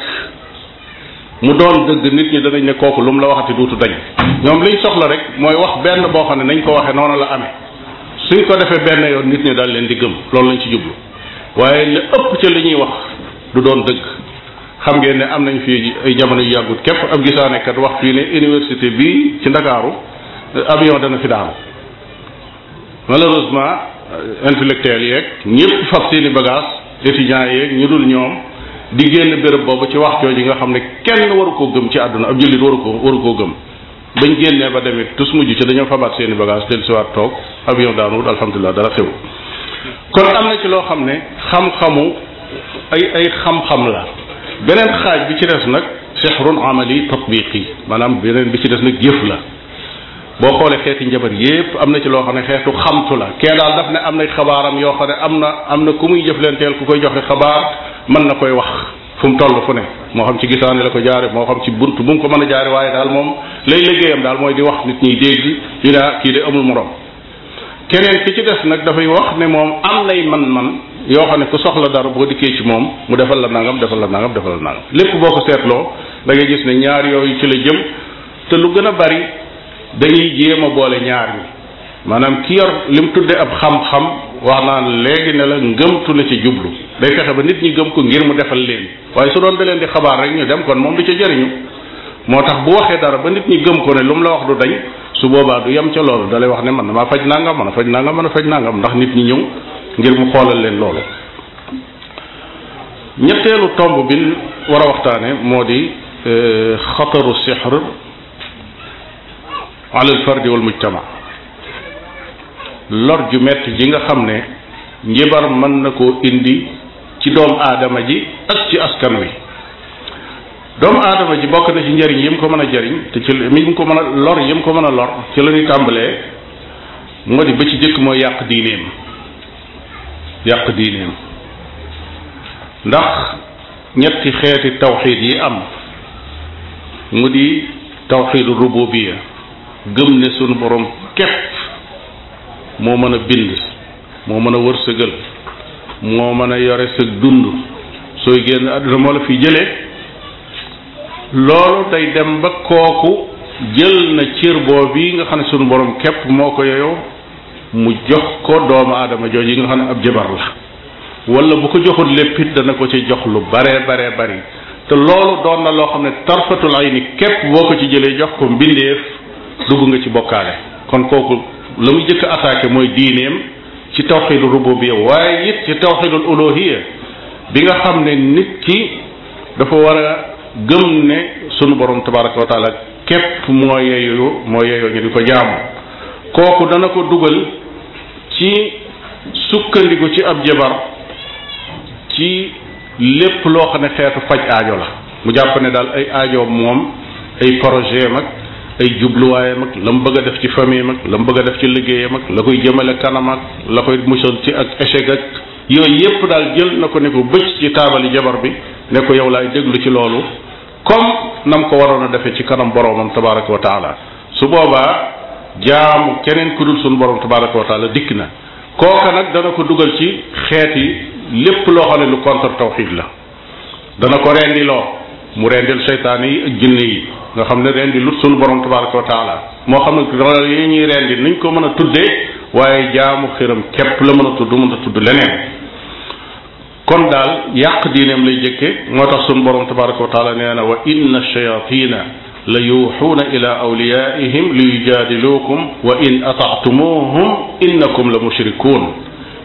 mu doon dëgg nit ñi danañ ne kooku lu mu la waxati duutu dañ ñoom liñ soxla rek mooy wax benn boo xam ne nañ ko waxee noonu la amee suñ ko defee benn yoon nit ñi daal leen di gëm loolu lañ ci jublu waaye li ëpp ca li ñuy wax du doon dëgg xam ngeen ne am nañ fi ay jamono yu yàggut képp ab gisaanekat wax fii ne université bii ci ndakaaru euh, avion dana fi daanu malheureusement euh, intellectuel yeeg ñëpp fab seeni bagage étudiants yeeg ñu dul ñoom di génn béréb boobu ci wax yi nga xam ne kenn waru koo gëm ci àdduna ab jullit waru ko waru koo gëm bañ génnee ba demit tus mujj ci dañoo fabaat seeni bagage del siwaat toog avion daanuwut alhamdulilah dara xew kon am na ci loo xam ne xam-xamu ay ay xam la beneen xaaj bi ci des nag sihrun amali tatbiqi maanaam beneen bi ci des nag jëf la boo xoolee xeeti njabar yépp am na ci loo xam ne xeetu xamtu la kee daal daf ne am na xabaaram yoo xam ne am na am na ku muy jëflanteel ku koy joxe xabaar mën na koy wax fu mu toll fu ne moo xam ci gisaane la ko jaare moo xam ci bunt bu mu ko mën a jaare waaye daal moom lay liggéeyam daal mooy di wax nit ñiy dégg ñu ne ah kii de amul morom keneen ki ci des nag dafay wax ne moom am nay man-man yoo xam ne ku soxla dara boo dikkee ci moom mu defal la nangam defal la nangam defal la nangam lépp boo ko seetloo da ngay gis ne ñaar yooyu ci la jëm te lu gën a bari dañuy jéem a boole ñaar ñi maanaam ki yor li mu tuddee ab xam-xam wax naan léegi ne la ngëmtu la ci jublu day fexe ba nit ñi gëm ko ngir mu defal leen waaye su doon da di xabaar rek ñu dem kon moom du ca jëriñu moo tax bu waxee dara ba nit ñi gëm ko ne lu mu la wax du dañ su boobaa du yem ca loolu da wax ne man damaa faj nangam man a faj nangam man a faj nangam ndax nit ñi ñëw ngir mu xoolal leen loolu ñetteelu tomb bi war a waxtaane moo di euh, xataru sixr ala alfardi wal mujtama lor ju metti ji nga xam ne njibar mën na koo indi ci doomu aadama ji ak ci askan wi doomu aadama ji bokk na ci njariñ yi mu ko mën a jariñ te ci ko mën a lor yi mu ko mën a lor ci la ñuy tàmbalee moo di ba ci jëkk mooy yàq diineem yàq diineem ndax ñetti xeeti tawxiid yi am mu di tawxiidu rububiya gëm ne sunu borom képp moo mën a bind moo mën a wërsëgal moo mën a yore sa dund sooy génn àdduna moo la fi jële loolu tey dem ba kooku jël na cër boobu yi nga xam ne sunu borom képp moo ko yeyoo mu jox ko doomu aadama jooju yi nga xam ne ab jabar la wala bu ko joxul lépp dana ko ci jox lu baree baree bari te loolu doon na loo xam ne tarfatul ayni képp boo ko ci jëlee jox ko mbindeef dugg nga ci bokkaale kon kooku la muy jëkk attaqué mooy diineem ci tawxidul rububiya waaye it ci tawxidul uluhiya bi nga xam ne nit ki dafa war a gëm ne sunu borom tabaraka wa képp moo yeeyu moo yeeyoo ñu di ko jaamu kooku dana ko dugal ci sukkandiku ci ab jabar ci lépp loo xam ne xeetu faj ajo la mu jàpp ne daal ay ajo moom ay projet mag ay jubluwaayam ak la mu bëgg a def ci famille mag la mu bëgg a def ci liggéeyam ak la koy jëmale kanam ak la koy musal ci ak échec ak yooyu yépp daal jël na ko ne ko bëcc ci taabali jabar bi ne ko yow laay déglu ci loolu comme nam ko waroon a defee ci kanam boroomam tabaraka wa su boobaa jaamu keneen ku dul sunu borom tabaraka wa taala dikk na kooka nag dana ko dugal ci xeet yi lépp loo xam ne lu contre tawxid la dana ko rendiloo mu rendil seytaane yi ak jinne yi nga xam ne rendi lut sunu borom tabaraka wa taala moo xam ne yi ñuy rendi niñ ko mën a tuddee waaye jaamu xiram képp la mën a tudd mën a tudd leneen kon daal yàq diineem lay jëkke moo tax sunu borom tabaraka wa taala nee na wa inna shayatina la yuuxuuna ila awliyaihim li yujaadiluukum wa in la mushrikuun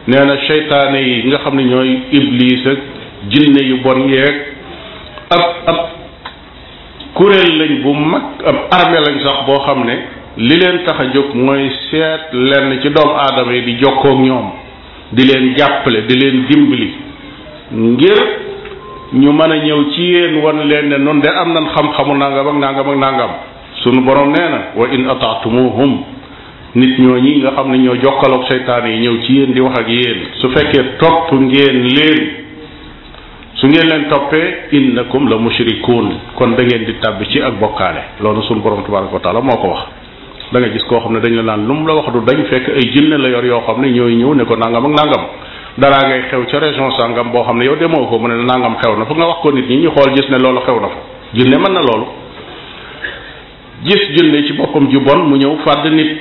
nee na seytaane yi nga xam ne ñooy iblis jinne yu bon yeeg ab ab kuréel lañ bu ab armée lañ sax boo xam ne li leen tax a jóg mooy seet lenn ci doomu aadama yi di jokkook ñoom di leen jàppale di leen dimbli ngir ñu mën a ñëw ci yéen wan leen ne nun de am nan xam-xamu nangam ak nangam ak nangam sunu boroom nee na wa in ataatumuhum nit ñoo ñi nga xam ne ñoo jokkaloog seytaane yi ñëw ci yéen di wax ak yéen su fekkee topp ngeen leen su ngeen leen toppee comme la mushrikuun kon da ngeen di tàbbi ci ak bokkaale loolu sunu borom tabaraka wa taala moo ko wax da nga gis koo xam ne dañ la naan lu mu la wax du dañ fekk ay jinne la yor yoo xam ne ñooy ñëw ne ko nangam ak nangam daraa ngay xew ca région sangam boo xam ne yow demoo ko mu ne nangam xew na fu nga wax ko nit ñi ñu xool gis ne loolu xew na fa jinne mën na loolu gis jinne ci boppam ju bon mu ñëw fàdd nit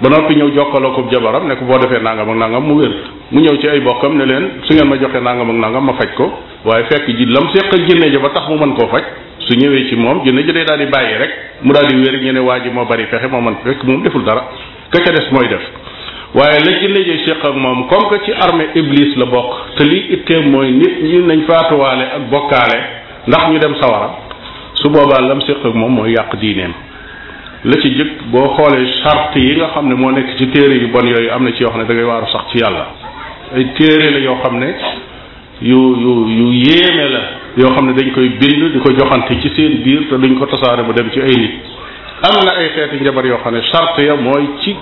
ba noppi ñëw jokkaloo ko jabaram ne boo defee nangam ak nangam mu wér mu ñëw ci ay bokkam ne leen su ngeen ma joxee nangam ak nangam ma faj ko waaye fekk ji lam séq ak ne ja ba tax mu mën koo faj su ñëwee ci moom jinne ji day daal di bàyyi rek mu daal di wér ñu waa ji moo bari fexe moo mën fekk moom deful dara ka ca mooy def waaye la ci léegi séq ak moom comme que ci armée iblis la bokk te lii itteem mooy nit ñi nañ faatuwaale ak bokkaale ndax ñu dem sawara su boobaa lam séq ak moom mooy yàq diineem la ci jëkk boo xoolee charte yi nga xam ne moo nekk ci téere yu bon yooyu am na ci yoo xam ne da ngay waaru sax ci yàlla ay téere la yoo xam ne yu yu yu yéeme la yoo xam ne dañ koy bind di ko joxante ci seen biir te duñ ko tasaare bu dem ci ay nit am na ay xeeti njabar yoo xam ne charte ya ci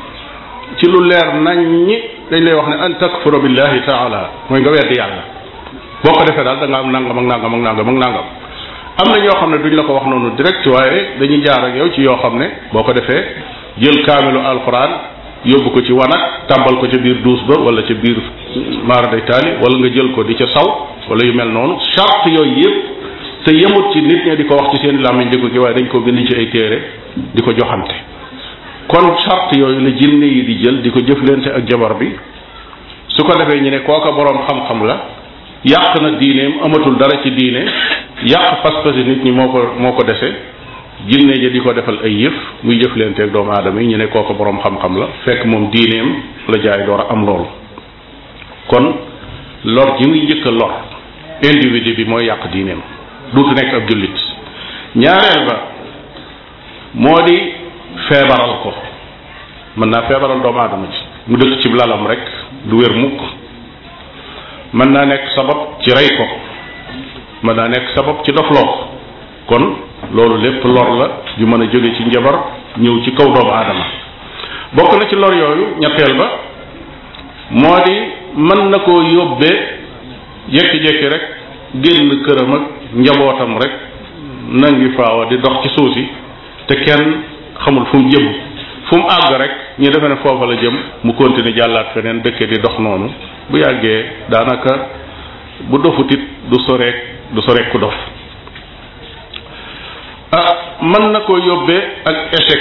ci lu leer nañ ñi dañ lay wax ne an takfura billahi taala mooy nga weddi yàlla boo ko defee daal da nga am nangam ak nangam ak nangam ak nangam am na ñoo xam ne duñ la ko wax noonu direct waaye dañuy jaar ak yow ci yoo xam ne boo ko defee jël kaamilu alxuraan yóbbu ko ci wanag tàmbal ko ca biir duus ba wala ca biir maara day taali wala nga jël ko di ca saw wala yu mel noonu charte yooyu yëpp te yemut ci nit ñi di ko wax ci seen làmmiñ njëkk gi waaye dañ ko bind ci ay téere di ko joxante kon sart yooyu la jinne yi di jël di ko jëflante ak jabar bi su ko defee ñu ne kooka boroom xam-xam la yàq na diineem amatul dara ci diine yàq pas-pasi nit ñi moo ko moo ko dese jinne ji di ko defal ay yëf muy jëflante ak doomu aadama yi ñu ne kooka boroom xam-xam la fekk moom diineem la jaay door a am loolu kon lor ji muy njëkk a lor individu bi mooy yàq diineem duutu nekk ab jullit ñaareel ba moo di feebaral ko mën naa feebaral doomu aadama ci mu dëkk ci lalam rek du wér mukk mën naa nekk sabab ci rey ko mën naa nekk sabab ci dofloo ko kon loolu lépp lor la ju mën a jóge ci njabar ñëw ci kaw doomu aadama bokk na ci lor yooyu ñetteel ba moo di mën na ko yóbbee jekki-jekki rek génn këram ak njabootam rek nangi faawa di dox ci suuf si te kenn xamul fu mu jëm fu mu àgg rek ñu defe ne foofa la jëm mu continuer jàllaat feneen dëkk di dox noonu bu yàggee daanaka bu dofutit du soreek du soreek ku dof ah, mën na ko yóbbee ak échec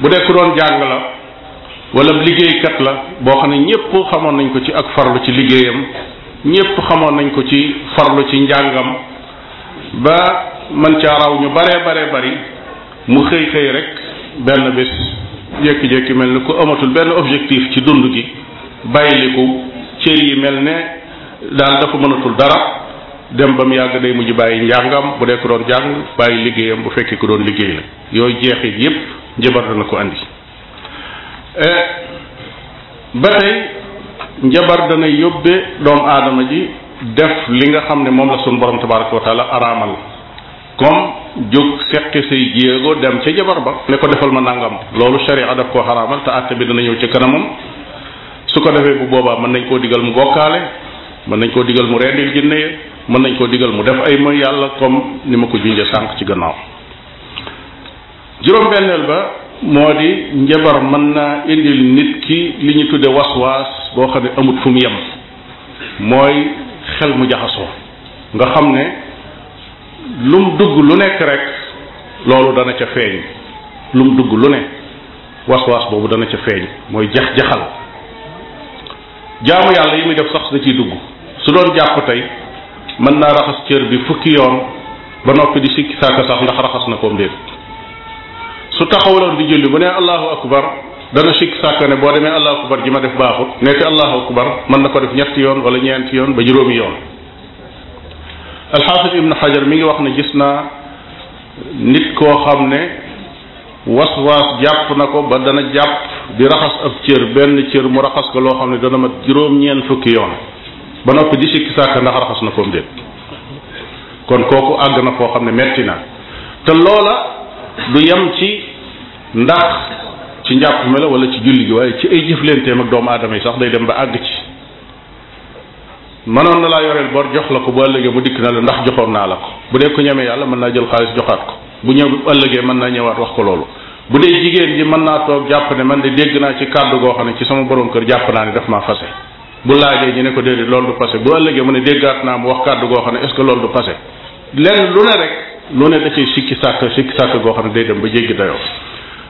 bu dekku doon jàng la wala liggéeykat la boo xam ne ñépp xamoon nañ ko ci ak farlu ci liggéeyam ñépp xamoon nañ ko ci farlu ci njàngam ba man ca raw ñu bare bare bari mu xëy xëy rekk benn bés jékki-jékki mel ni ku amatul benn objectif ci dund gi bàyyiliku cër yi mel ne daal dafa mënatul dara dem ba mu yàgg day mujju bàyyi njàngam bu dee ko doon jàng bàyyi liggéeyam bu fekkee ko doon liggéey la yooyu jeexit yépp njabar dana ko andi eh, ba tey njabar dana yóbbe doomu aadama ji def li nga xam ne moom la sunu borom tabaraka wa araamal comme jóg seqi say jéego dem ca jabar ba ne ko defal ma nàngam loolu sharia daf koo xaraamal te àtte bi dana ñëw ci kanamam su ko defee bu boobaa mën nañ koo digal mu bokkaale mën nañ koo digal mu rendil jinne ya mën nañ koo digal mu def ay moy yàlla comme ni ma ko junje sànk ci gannaaw juróom-benneel ba moo di njabar mën naa indil nit ki li ñu tudde waswaas boo xam ne amut fu mu yem mooy xel mu jaxasoo nga xam ne lu mu dugg lu nekk rek loolu dana ca feeñ lu mu dugg lu ne waswas boobu dana ca feeñ mooy jax-jaxal jaamu yàlla yi muy def sax da ciy dugg su doon jàpp tey mën naa raxas cër bi fukki yoon ba noppi di sikki saaka sax ndax raxas na koom mbir su taxawaloon di julli bu nee allahu akbar dana sikki saaka ne boo demee allahu akbar ji ma def baaxut nekk allahu akbar mën na ko def ñetti yoon wala ñeenti yoon ba juróomi yoon alxaafis ibnu xajar mi ngi wax na gis naa nit koo xam ne waswaas jàpp na ko ba dana jàpp di raxas ab cër benn cër mu raxas ko loo xam ne dana mat juróom-ñeent fukki yoon ba noppi di sikki sàkk ndax raxas na ko déet kon kooku àgg na koo xam ne metti na te loola du yam ci ndax ci njàpp mi la wala ci julli gi waaye ci ay jëflanteem ak doomu aadama yi sax day dem ba àgg ci mënoon na laa yoreel bor jox la ko bu ëllëgee mu dikk na la ndax joxoon naa la ko bu dee ko ñemee yàlla mën naa jël xaalis joxaat ko bu ñëw ëllëgee mën naa ñëwaat wax ko loolu bu dee jigéen ji mën naa toog jàpp ne man de dégg naa ci kàddu goo xam ne ci sama borom kër jàpp naa ne daf maa fase bu laajee ñu ne ko déedéet loolu du passé bu ëllëgee mu ne déggaat naa mu wax kàddu goo xam ne est ce que loolu du passé lenn lu ne rek lu ne da ciy sikki sàkk sikki goo xam ne day dem ba jéggi dayoo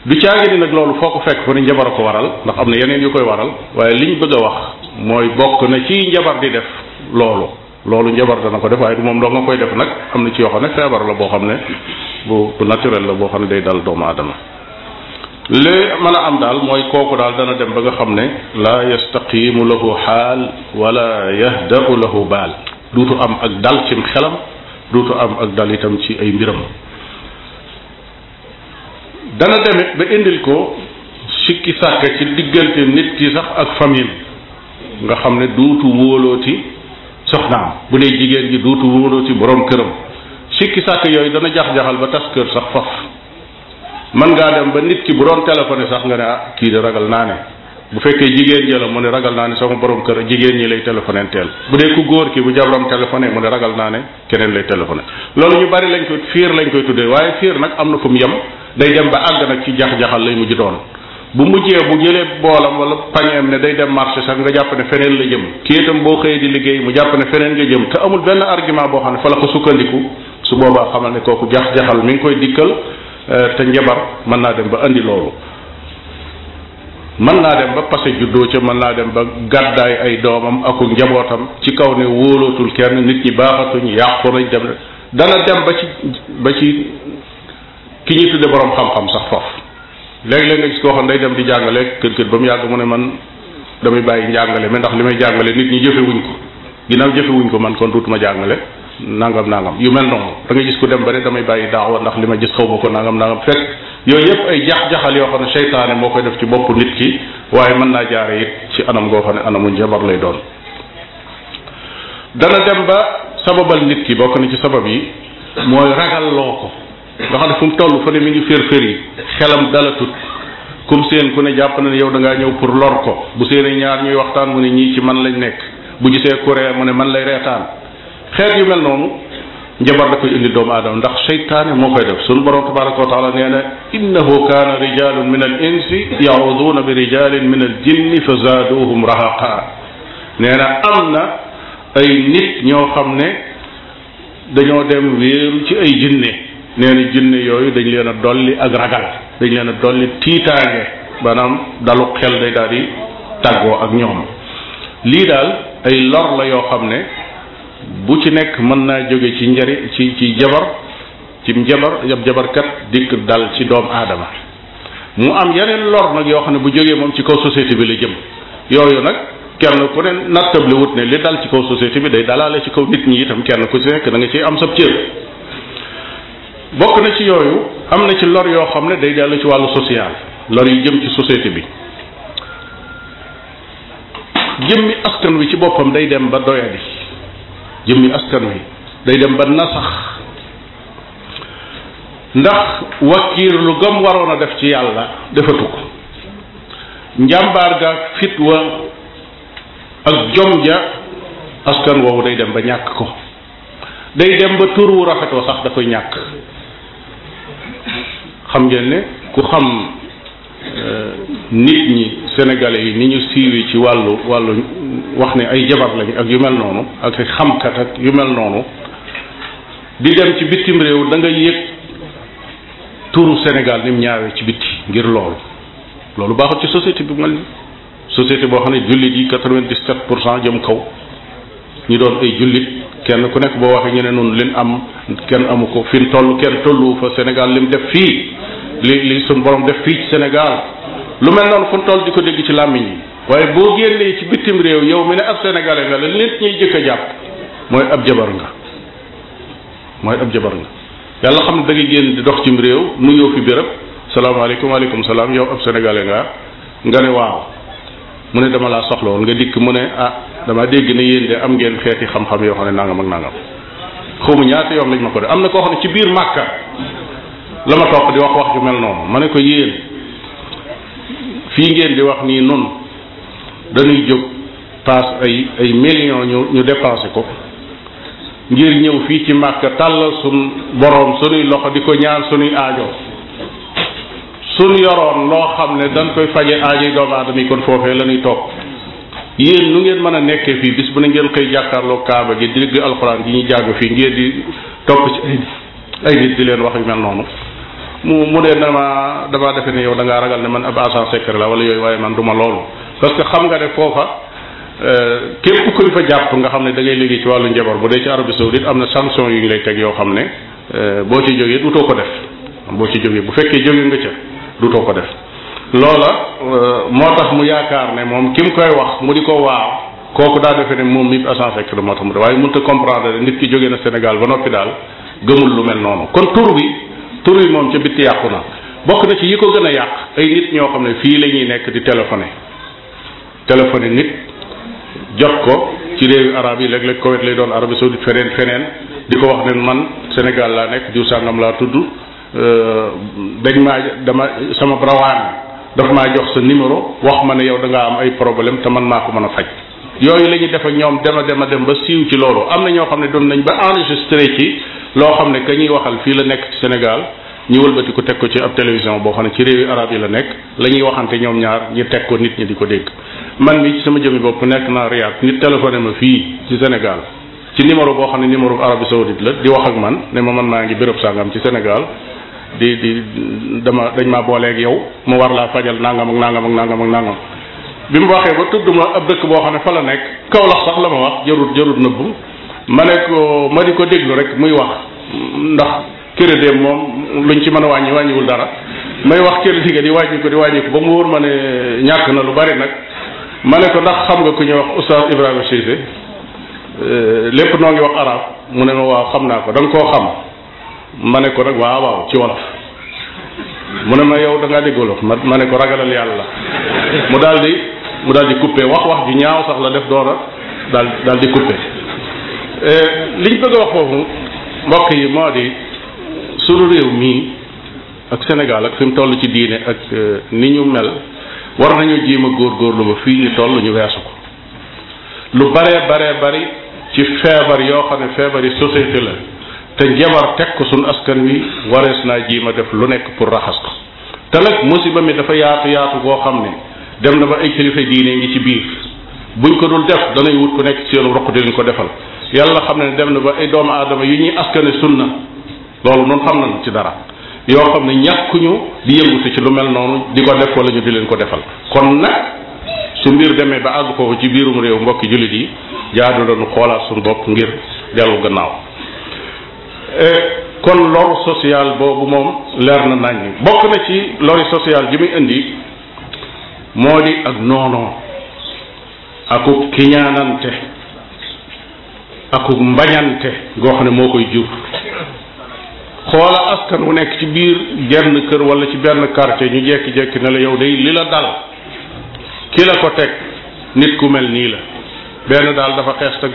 du caagi ni nag loolu foo ko fekk fu ne a ko waral ndax am na yeneen yu koy waral waaye liñ bëgg a wax mooy bokk na ci njabar di def loolu loolu njabar dana ko def waaye du moom doo nga koy def nag am na ci yoo xam ne feebar la boo xam ne bu naturel la boo xam ne day dal doomu aadama lée mën a am daal mooy kooku daal dana dem ba nga xam ne laa yastaqimu lahu xaal wala yahdau lahu baal duutu am ak dal xelam duutu ak dal ci ay mbiram dana indil ko sikki sàkka ci diggante nit ki sax ak famille nga xam ne duutu wóolooti soxnaam bu dee jigéen gi duutu wóoloo ci borom këram sikki sàkk yooyu dana jax-jaxal ba tas kër sax faf man ngaa dem ba nit ki bu doon téléphoné sax nga ne ah kii de ragal naa ne bu fekkee jigéen ji la mu ne ragal naa ne sama borom kër jigéen ñi lay téléphoné teel bu dee ku góor ki bu jabaram téléphoné mu ne ragal naa ne keneen lay téléphoné loolu ñu bari lañ koy fiir lañ koy tuddee waaye fiir nag am na fu mu yem day dem ba àgg nag ci jax-jaxal lay mujj doon bu mujjee bu jëlee boolam wala pañeem ne day dem marché sax nga jàpp ne feneen la jëm kii itam boo xëyee di liggéey mu jàpp ne feneen nga jëm te amul benn argument boo xam ne fa la ko sukkandiku su boobaa xamal ne kooku jax-jaxal mi ngi koy dikkal euh, te njabar mën naa dem ba andi loolu mën naa dem ba passé juddoo ca mën naa dem ba gàddaay ay doomam akul njabootam ci kaw ne wóolootul kenn nit ñi baaxatuñ yàqu nañ dem dana dem ba ci ba ci ki ñu tudde xam-xam sax foofu léeg-léeg nga gis koo xam day dem di jàngale kër kër ba mu yàgg mu ne man damay bàyyi njàngale mais ndax li may jàngale nit ñi jëfewuñ ko ginnaaw jëfewuñ ko man kon duutuma jàngale nangam nangam yu mel noonu da nga gis ku dem ba ne damay bàyyi daawa ndax li ma gis xaw ma ko nangam nangam fekk yooyu yëpp ay jax-jaxal yoo xam ne seytaane moo koy def ci bopp nit ki waaye mën naa jaare it ci anam goo xam ne anamu njabar lay doon dana dem ba sababal nit ki bokk na ci sabab yi mooy ko nga xam ne fu mu toll fa ne mi ngi féer féer yi xelam dalatut kum seen ku ne jàpp na ne yow da ngaa ñëw pour lor ko bu seenee ñaar ñuy waxtaan mu ne ñii ci man lañ nekk bu gisee kuree mu ne man lay reetaan xeet yu mel noonu njabar da koy indi doomu aadama ndax seytaane moo koy def sunu borom tabaraka wa taala nee na innahu kaana rijalun min al insi yauduna bi rijalin min al jinni fa zaaduhum rahaqa nee na am na ay nit ñoo xam ne dañoo dem wéeru ci ay jinne nee na jinne yooyu dañ leen a dolli ak ragal dañ leen a dolli tiitaange maanaam dalu xel day daal di tàggoo ak ñoom lii daal ay lor la yoo xam ne bu ci nekk mën naa jóge ci njari ci ci jabar ci jabar ab jabarkat dikk dal ci doomu aadama mu am yeneen lor nag yoo xam ne bu jógee moom ci kaw société bi la jëm yooyu nag kenn ku ne nattable wut ne li dal ci kaw société bi day dalaale ci kaw nit ñi itam kenn ku ci nekk da nga ciy am sab cër bokk na ci yooyu am na ci lor yoo xam ne day dellu ci wàllu social lor yu jëm ci société bi jëmmi askan wi ci boppam day dem ba doyadi jëmmi askan wi day dem ba nasax ndax wakkiir lu gëm waroon a def ci yàlla defatu ko njàmbaar ga fit wa ak jom ja askan woowu day dem ba ñàkk ko day dem ba tur wu rafet wa sax da koy ñàkk xam ngeen ne ku xam euh, nit ñi sénégalais yi ni ñu siiwee ci wàllu wàllu wax ne ay jabar lañ ak yu mel noonu ak xamkat ak yu mel noonu di dem ci bitim réew da nga yëg turu Sénégal ni mu ci bitti ngir loolu loolu baaxul ci société bi mel ni société boo xam ne jullit yi quatre vingt pour cent jëm kaw ñu doon ay jullit kenn ku nekk boo waxee ñu ne noonu liñ am kenn amu ko fi mu kenn tollu fa Sénégal lim def fii li li suñ borom def fii ci Sénégal lu mel noonu fu mu toll di ko dégg ci làmmiñ yi waaye boo génnee ci bitim réew yow mi ne ab sénégalais nga la nit ñuy jëkk a jàpp mooy ab jabar nga mooy ab jabar nga yàlla xam ne da génn di dox cim réew nuyoo fi béréb salaamaaleykum waaleykum salaam yow ab sénégalais nga nga ne waaw mu ne dama laa soxla woon nga dikk mu ne ah dama dégg ne yéen de am ngeen xeeti xam-xam yoo xam ne nangam ak nangam xawma ñaata yoon lañ ma ko def am na koo xam ne ci biir màkka la ma topp di wax wax ju mel noonu ma ne ko yéen fii ngeen di wax nii nun dañuy jóg paas ay ay millions ñu ñu dépensé ko ngir ñëw fii ci màkka tàllal sun boroom sunuy loxo di ko ñaan sunuy aajo sun yoroon loo xam ne dañ koy faje aajoy doomu aadama yi kon foofee la ñuy toog yéen nu ngeen mën a nekkee fii bis bu ne ngeen xëy jàkkaarloo kaaba gi di dégg alxuraan yi ñuy jàng fii ngeen di topp ci ay nit di leen wax yu mel noonu mu mu ne dama damaa defe ne yow da ngaa ragal ne man ab agent secret la wala yooyu waaye man duma loolu parce que xam nga ne foofa euh, képp kuñ fa jàpp nga xam ne da léegi ci wàllu njaboot bu dee ci Arabie Saoudite am na sanction yu ñu lay teg yoo xam ne euh, boo ci jógee utoo ko def boo ci jógee bu fekkee jógee nga ca dutoo ko def loola euh, moo tax mu yaakaar ne moom ki mu koy wax mu di ko waaw kooku daa defee ne moom nit agent fekk la moo tax mu de waaye mënut a comprendre nit ki jógee na Sénégal ba noppi daal gëmul lu mel noonu kon tur bi tur bi moom ca bitti yàqu na bokk na ci yi ko gën a yàq ay nit ñoo xam ne fii la ñuy nekk di téléphone téléphoné nit jot ko ci réewi arab yi léeg-léeg Koweït lay doon Arabie Saoudite feneen feneen di ko wax ne man Sénégal laa nekk diw sàngam laa tudd dañ euh, maa dama sama rawaan daf maa jox sa numéro wax ma ne yow da ngaa am ay problème te man maa ko mën a faj yooyu la ñuy def ak ñoom dema dema dem ba siiw ci loolu am na ñoo xam ne doon nañ ba enregistré ci loo xam ne ka ñuy waxal fii la nekk ci Sénégal ñu wëlbati ko teg ko ci ab télévision boo xam ne ci réewi arab yi la nekk la ñuy waxante ñoom ñaar ñu teg ko nit ñi di ko dégg man mi ci sama jëmmi bopp nekk naa Riyad nit téléphoné ma fii ci Sénégal ci numéro boo xam ne numéro Arabie Saoudite la di wax ak man ne ma man maa ngi béréb sàngam ci Sénégal di di dama dañ ma booleek yow mu war laa fajal nangam ak nangam ak nangam ak nangam bi mu waxee ba tudd ma ab dëkk boo xam ne fa la nekk Kawlax sax la ma wax jarut jarut nëbbu ma ne ko ma ni ko déglu rek muy wax ndax crédit moom luñ ci mën a wàññi wàññiwul dara may wax crédit ga di wàññi ko di wàññi ba mu wóor ma ne ñàkk na lu bari nag ma ne ko ndax xam nga ku ñuy wax Oustaz Ibrahima Cissé euh, lépp noo ngi wax arab mu ne ma waaw xam naa ko da koo xam ma ne ko nag waaw waaw ci wolof mu ne ma yow da ngaa dégg ma ma ne ko ragalal yàlla mu daal di mu daal di coupé wax wax ju ñaaw sax la def doora daal daal di coupé eh, liñ bëgg a wax foofu mbokk yi moo di sunu réew mii ak senegal ak fi mu toll ci diine ak eh, ni ñu mel war nañu jéem a góor ba fii ñu toll ñu weesu ko lu bare baree bari ci feebar yoo xam ne feebar yi société la te njabar teg ko sunu askan wi warees naa jiima def lu nekk pour raxas ko te nag musiba mi dafa yaatu yaatu boo xam ne dem na ba ay kilifa diine ngi ci biir buñ ko dul def danañ wut ku nekk ci seenu roq di leen ko defal yàlla xam ne dem na ba ay doomu aadama yu ñuy askane sunna loolu noonu xam nañ ci dara yoo xam ne ñàkkuñu di yëngutu ci lu mel noonu di ko def wala ñu di leen ko defal kon nag su mbir demee ba àgg ko ci biirum réew mbokki jullit yi jaadu lañu xoolaat suñu ngir dellu gannaaw Eh, kon loru social boobu moom leer na naññ bokk na ci lori social ji muy indi moo di ak noonoo akuk kiñaanante akuk mbañante goo xam ne moo koy jur xoola askan wu nekk ci biir genn kër wala ci benn quartier ñu jekki-jekki ne la yow de li la dal ki la ko teg nit ku mel nii la benn daal dafa xees te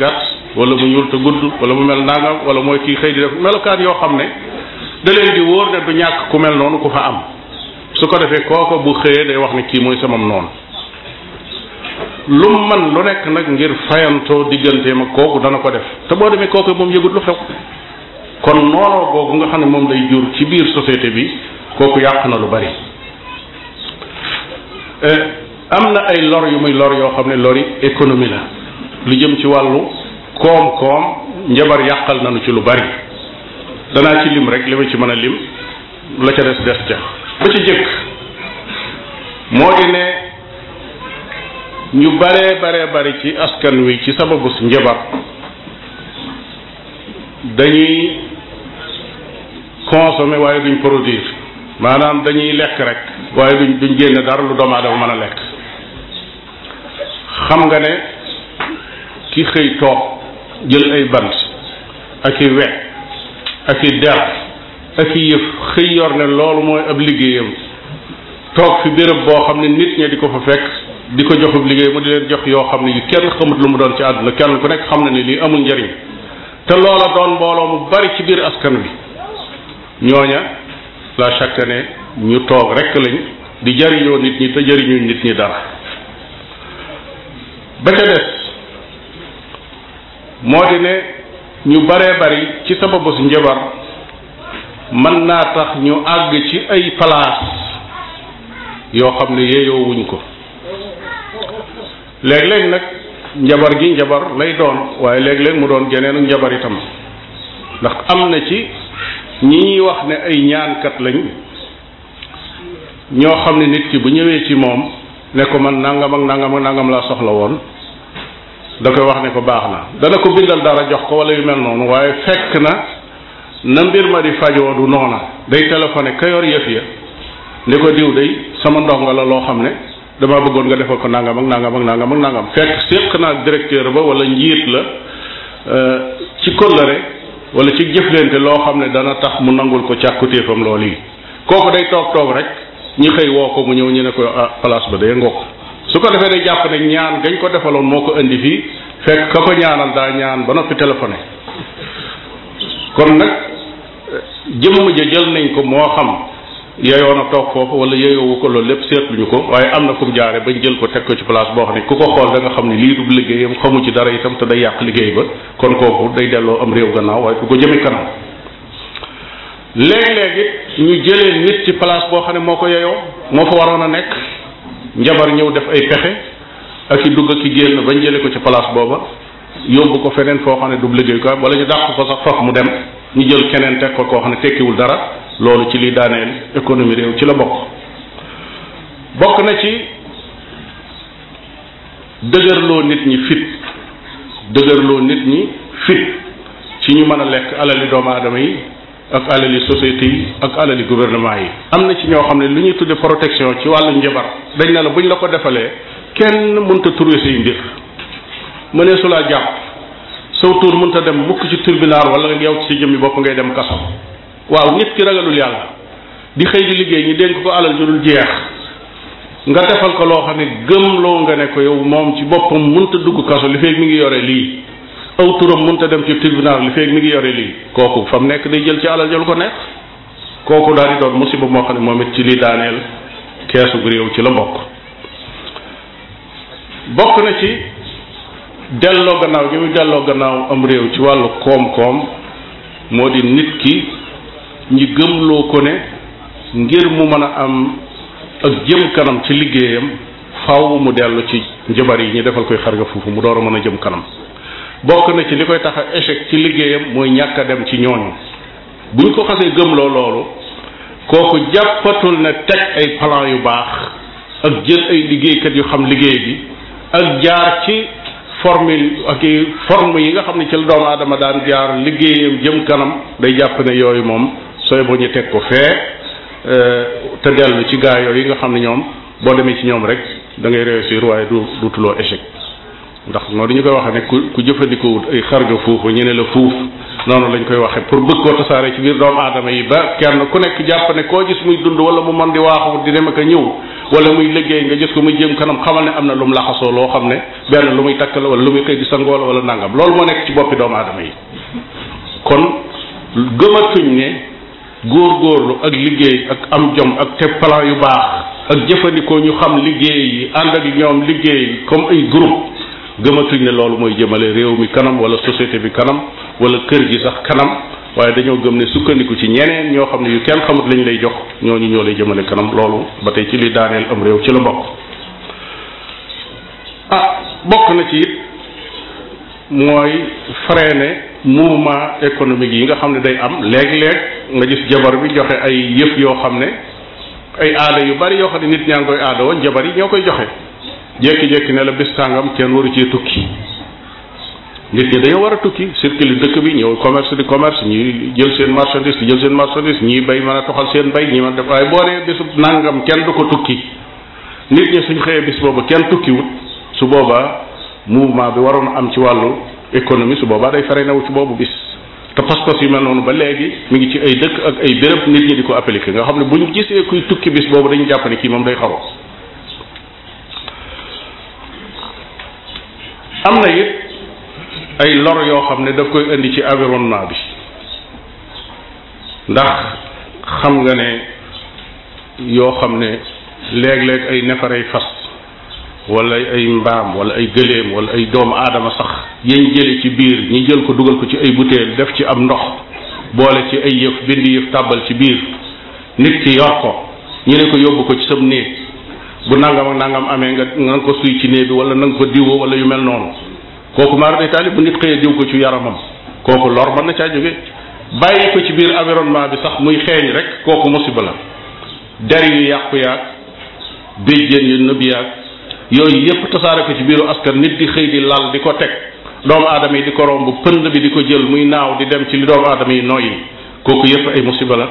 wala mu ñuul te gudd wala mu mel nangam wala mooy kii xëy di def melokaan yoo xam ne da leen di wóor ne du ñàkk ku mel noonu ku fa am su ko defee kooko bu xëyee day wax ne kii mooy sama noonu lu man lu nekk nag ngir fayantoo digganteem ma kooku dana ko def te boo demee kooku moom yëgut lu xew kon noonoo googu nga xam ne moom lay jur ci biir société bi kooku yàq na lu bari eh, am na ay lor yu muy lor yoo xam ne lori économie la lu jëm ci wàllu koom-koom njabar yàqal nañu ci lu bari danaa ci lim rek li ci mën a lim la ca des des ca ba ci jëkk moo di ne ñu baree bare bari ci askan wi ci sababus njabar dañuy consommer waaye duñ produire maanaam dañuy lekk rek waaye duñ duñ génn dara lu doomu aadama mën a lekk xam nga ne ki xëy toog jël ay bant ak i we ak i der ak i yëf xëy yor ne loolu mooy ab liggéeyam toog fi béréb boo xam ne nit ña di ko fa fekk di ko joxub liggéey mu di leen jox yoo xam ne yu kenn xamut lu mu doon ci àdduna kenn ku nekk xam na ne lii amul njariñ te loola doon mbooloo mu bari ci biir askan wi ñooña la chaque année ñu toog rek lañ di jariñoo nit ñi te jariñu nit ñi dara ba ca des moo di ne ñu baree bari ci sababu su njabar mën naa tax ñu àgg ci ay place yoo xam ne yeeyoo wuñ ko léeg-léeg nag njabar gi njabar lay doon waaye léeg-léeg mu doon geneenu ak njabar ndax am na ci ñi ñuy wax ne ay ñaankat lañ ñoo xam ne nit ki bu ñëwee ci moom ne ko man nangam ak nangam nangam laa soxla woon da koy wax ne ko baax na dana ko bindal dara jox ko wala yu mel noonu waaye fekk na na mbir ma di fajoo du noona day téléphoné ka yor yëf ya ni ko diw day sama ndox ndongo la loo xam ne dama bëggoon nga defal ko nangam ak nangam ak nangam ak nangam fekk séq naa directeur ba wala njiit la euh, ci kóllëre walla ci jëflante loo xam ne dana tax mu nangul ko càkkutéefam loolu yi kooku day toog toog rek ñu xëy woo ko mu ñëw ñu ne ko ah place ba day ngokk su ko defee day jàpp ne ñaan gañ ko defaloon moo ko indi fii fekk ka ko ñaanal daa ñaan ba noppi téléphoné kon nag jëmm ja jël nañ ko moo xam yeyoon a toog foofu wala yeyowu ko loolu lépp seetluñu ko waaye am na fu mu jaare bañ jël ko teg ko ci place boo xam ne ku ko xool da nga xam ne lii du liggéeyam xamu ci dara itam te day yàq liggéey ba kon kooku day delloo am réew gannaaw waaye ku ko jëme kanam léeg-léeg it ñu jëlee nit ci place boo xam ne moo ko yeyoo moo fa waroon a nekk njabar ñëw def ay pexe ak i dugg ak i génn bañ jële ko ci place booba yóbbu ko feneen foo xam ne du liggéey ko wala ñu dàq ko sax faf mu dem ñu jël keneen teg ko xam ne tekkiwul dara loolu ci liy daaneel économie réew ci la bokk bokk na ci dëgërloo nit ñi fit dëgërloo nit ñi fit ci ñu mën a lekk alali doomu aadama yi ak alali société yi ak alali gouvernement yi am na ci ñoo xam ne lu ñuy tudde protection ci wàllu njabar dañ ne la buñ la ko defalee kenn mënta trouvé yi mbir mënee su laa jàpp saw tuur mënta dem mukk ci tribunal wala yow ci sa jëmmi bopp ngay dem kaso waaw nit ki ragalul yàlla di xëy di liggéey ñi dénk ko alal ju dul jeex nga defal ko loo xam ne gëm loo nga ne ko yow moom ci boppam mënta dugg kaso li fekk mi ngi yore lii aw turam mënta dem ci tribunal li feeg mi ngi yore lii kooku fa mu nekk day jël ci alal jël ko nekk kooku daal di doon musiba moo xam ne moom it ci lii daaneel keesu réew ci la bokk bokk na ci delloo gannaaw gi mu delloo gannaaw am réew ci wàllu koom-koom moo di nit ki ñi gëmloo ko ne ngir mu mën a am ak jëm kanam ci liggéeyam faw mu dellu ci njabar yi ñu defal koy xar nga foofu mu door a mën a jëm kanam bokk na ci li koy tax a échec ci liggéeyam mooy ñàkk dem ci ñooñu buñ ko xasee gëmloo loolu kooku jàppatul na teg ay plan yu baax ak jël ay liggéeykat yu xam liggéey bi ak jaar ci formule ak forme yi nga xam ne ci la doomu aadama daan jaar liggéeyam jëm kanam day jàpp ne yooyu moom sooy bo ñu teg ko fee euh, te dellu ci gaa yooyu yi nga xam ne ñoom boo demee ci ñoom rek da ngay réussir waaye du duutuloo échec ndax noonu ñu koy waxee ne ku ku jëfandikoowut ay xarga fuufu ñu ne la fuuf noonu lañ koy waxee pour bëgg koo tasaare ci biir doomu aadama yi ba kenn ku nekk jàpp ne koo gis muy dund wala mu man di waaxu di dem ak a ñëw wala muy liggéey nga gis ko muy jëm kanam xamal ne am na lu mu laxasoo loo xam ne benn lu muy takk la wala lu muy kër di sangoo la wala nangam loolu moo nekk ci boppi doomu aadama yi kon gëmatuñ ne góorgóorlu ak liggéey ak am jom ak te yu baax ak jëfandikoo ñu xam liggéey ànd ak ñoom liggéey comme ay groupe gëmatuñ ne loolu mooy jëmale réew mi kanam wala société bi kanam wala kër gi sax kanam waaye dañoo gëm ne sukkandiku ci ñeneen ñoo xam ne yu kenn xamut lañu lay jox ñoo ñu ñoo lay jëmale kanam loolu ba tey ci li daaneel am réew ci la bokk ah bokk na ci it mooy freiner mouvement économique yi nga xam ne day am léeg-léeg nga gis jabar bi joxe ay yëpp yoo xam ne ay aada yu bari yoo xam ne nit ñaa ngi koy aada woon jabar yi ñoo koy joxe jékki-jékki ne la bis sàngam kenn waru cee tukki nit ñi dañoo war a tukki circuler dëkk bi ñëw commerce di commerce ñu jël seen marchandise di jël seen marchandise ñii bay mën a toxal seen bay ñii mën def waaye boo nee bisub nàngam kenn du ko tukki nit ñi suñ xëyee bis boobu kenn tukki tukkiwut su boobaa mouvement bi waroon am ci wàllu économie su boobaa day fare naw ci boobu bis te pas-pas yu mel noonu ba léegi mu ngi ci ay dëkk ak ay béréb nit ñi di ko appliquer nga xam ne bu ñu gisee kuy tukki bis boobu dañu jàpp ne moom day xaro am na it ay lor yoo xam ne daf koy indi ci environnement bi ndax xam nga ne yoo xam ne léeg-léeg ay nefarey fas walla ay mbaam wala ay gëléem wala ay doomu aadama sax yañ jële ci biir ñu jël ko dugal ko ci ay butéel def ci am ndox boole ci ay yëf bind yëf tàbbal ci biir nit ki yor ko ñu ne ko yóbbu ko ci sam néeg bu nangam ak nangam amee nga nga ko suy ci néeg bi wala na ko diwoo wala yu mel noonu kooku maar day taali bu nit xëyee diw ko ci yaramam kooku lor mën na caa jóge bàyyi ko ci biir environnement bi sax muy xeeñ rek kooku musiba la der yu yàqu yaag béjjéen yu nëb yaag yooyu yépp tasaare ko ci biiru askan nit di xëy di lal di ko teg doomu aadama yi di ko romb pënd bi di ko jël muy naaw di dem ci li doomu aadama yi noyyi kooku yépp ay musiba la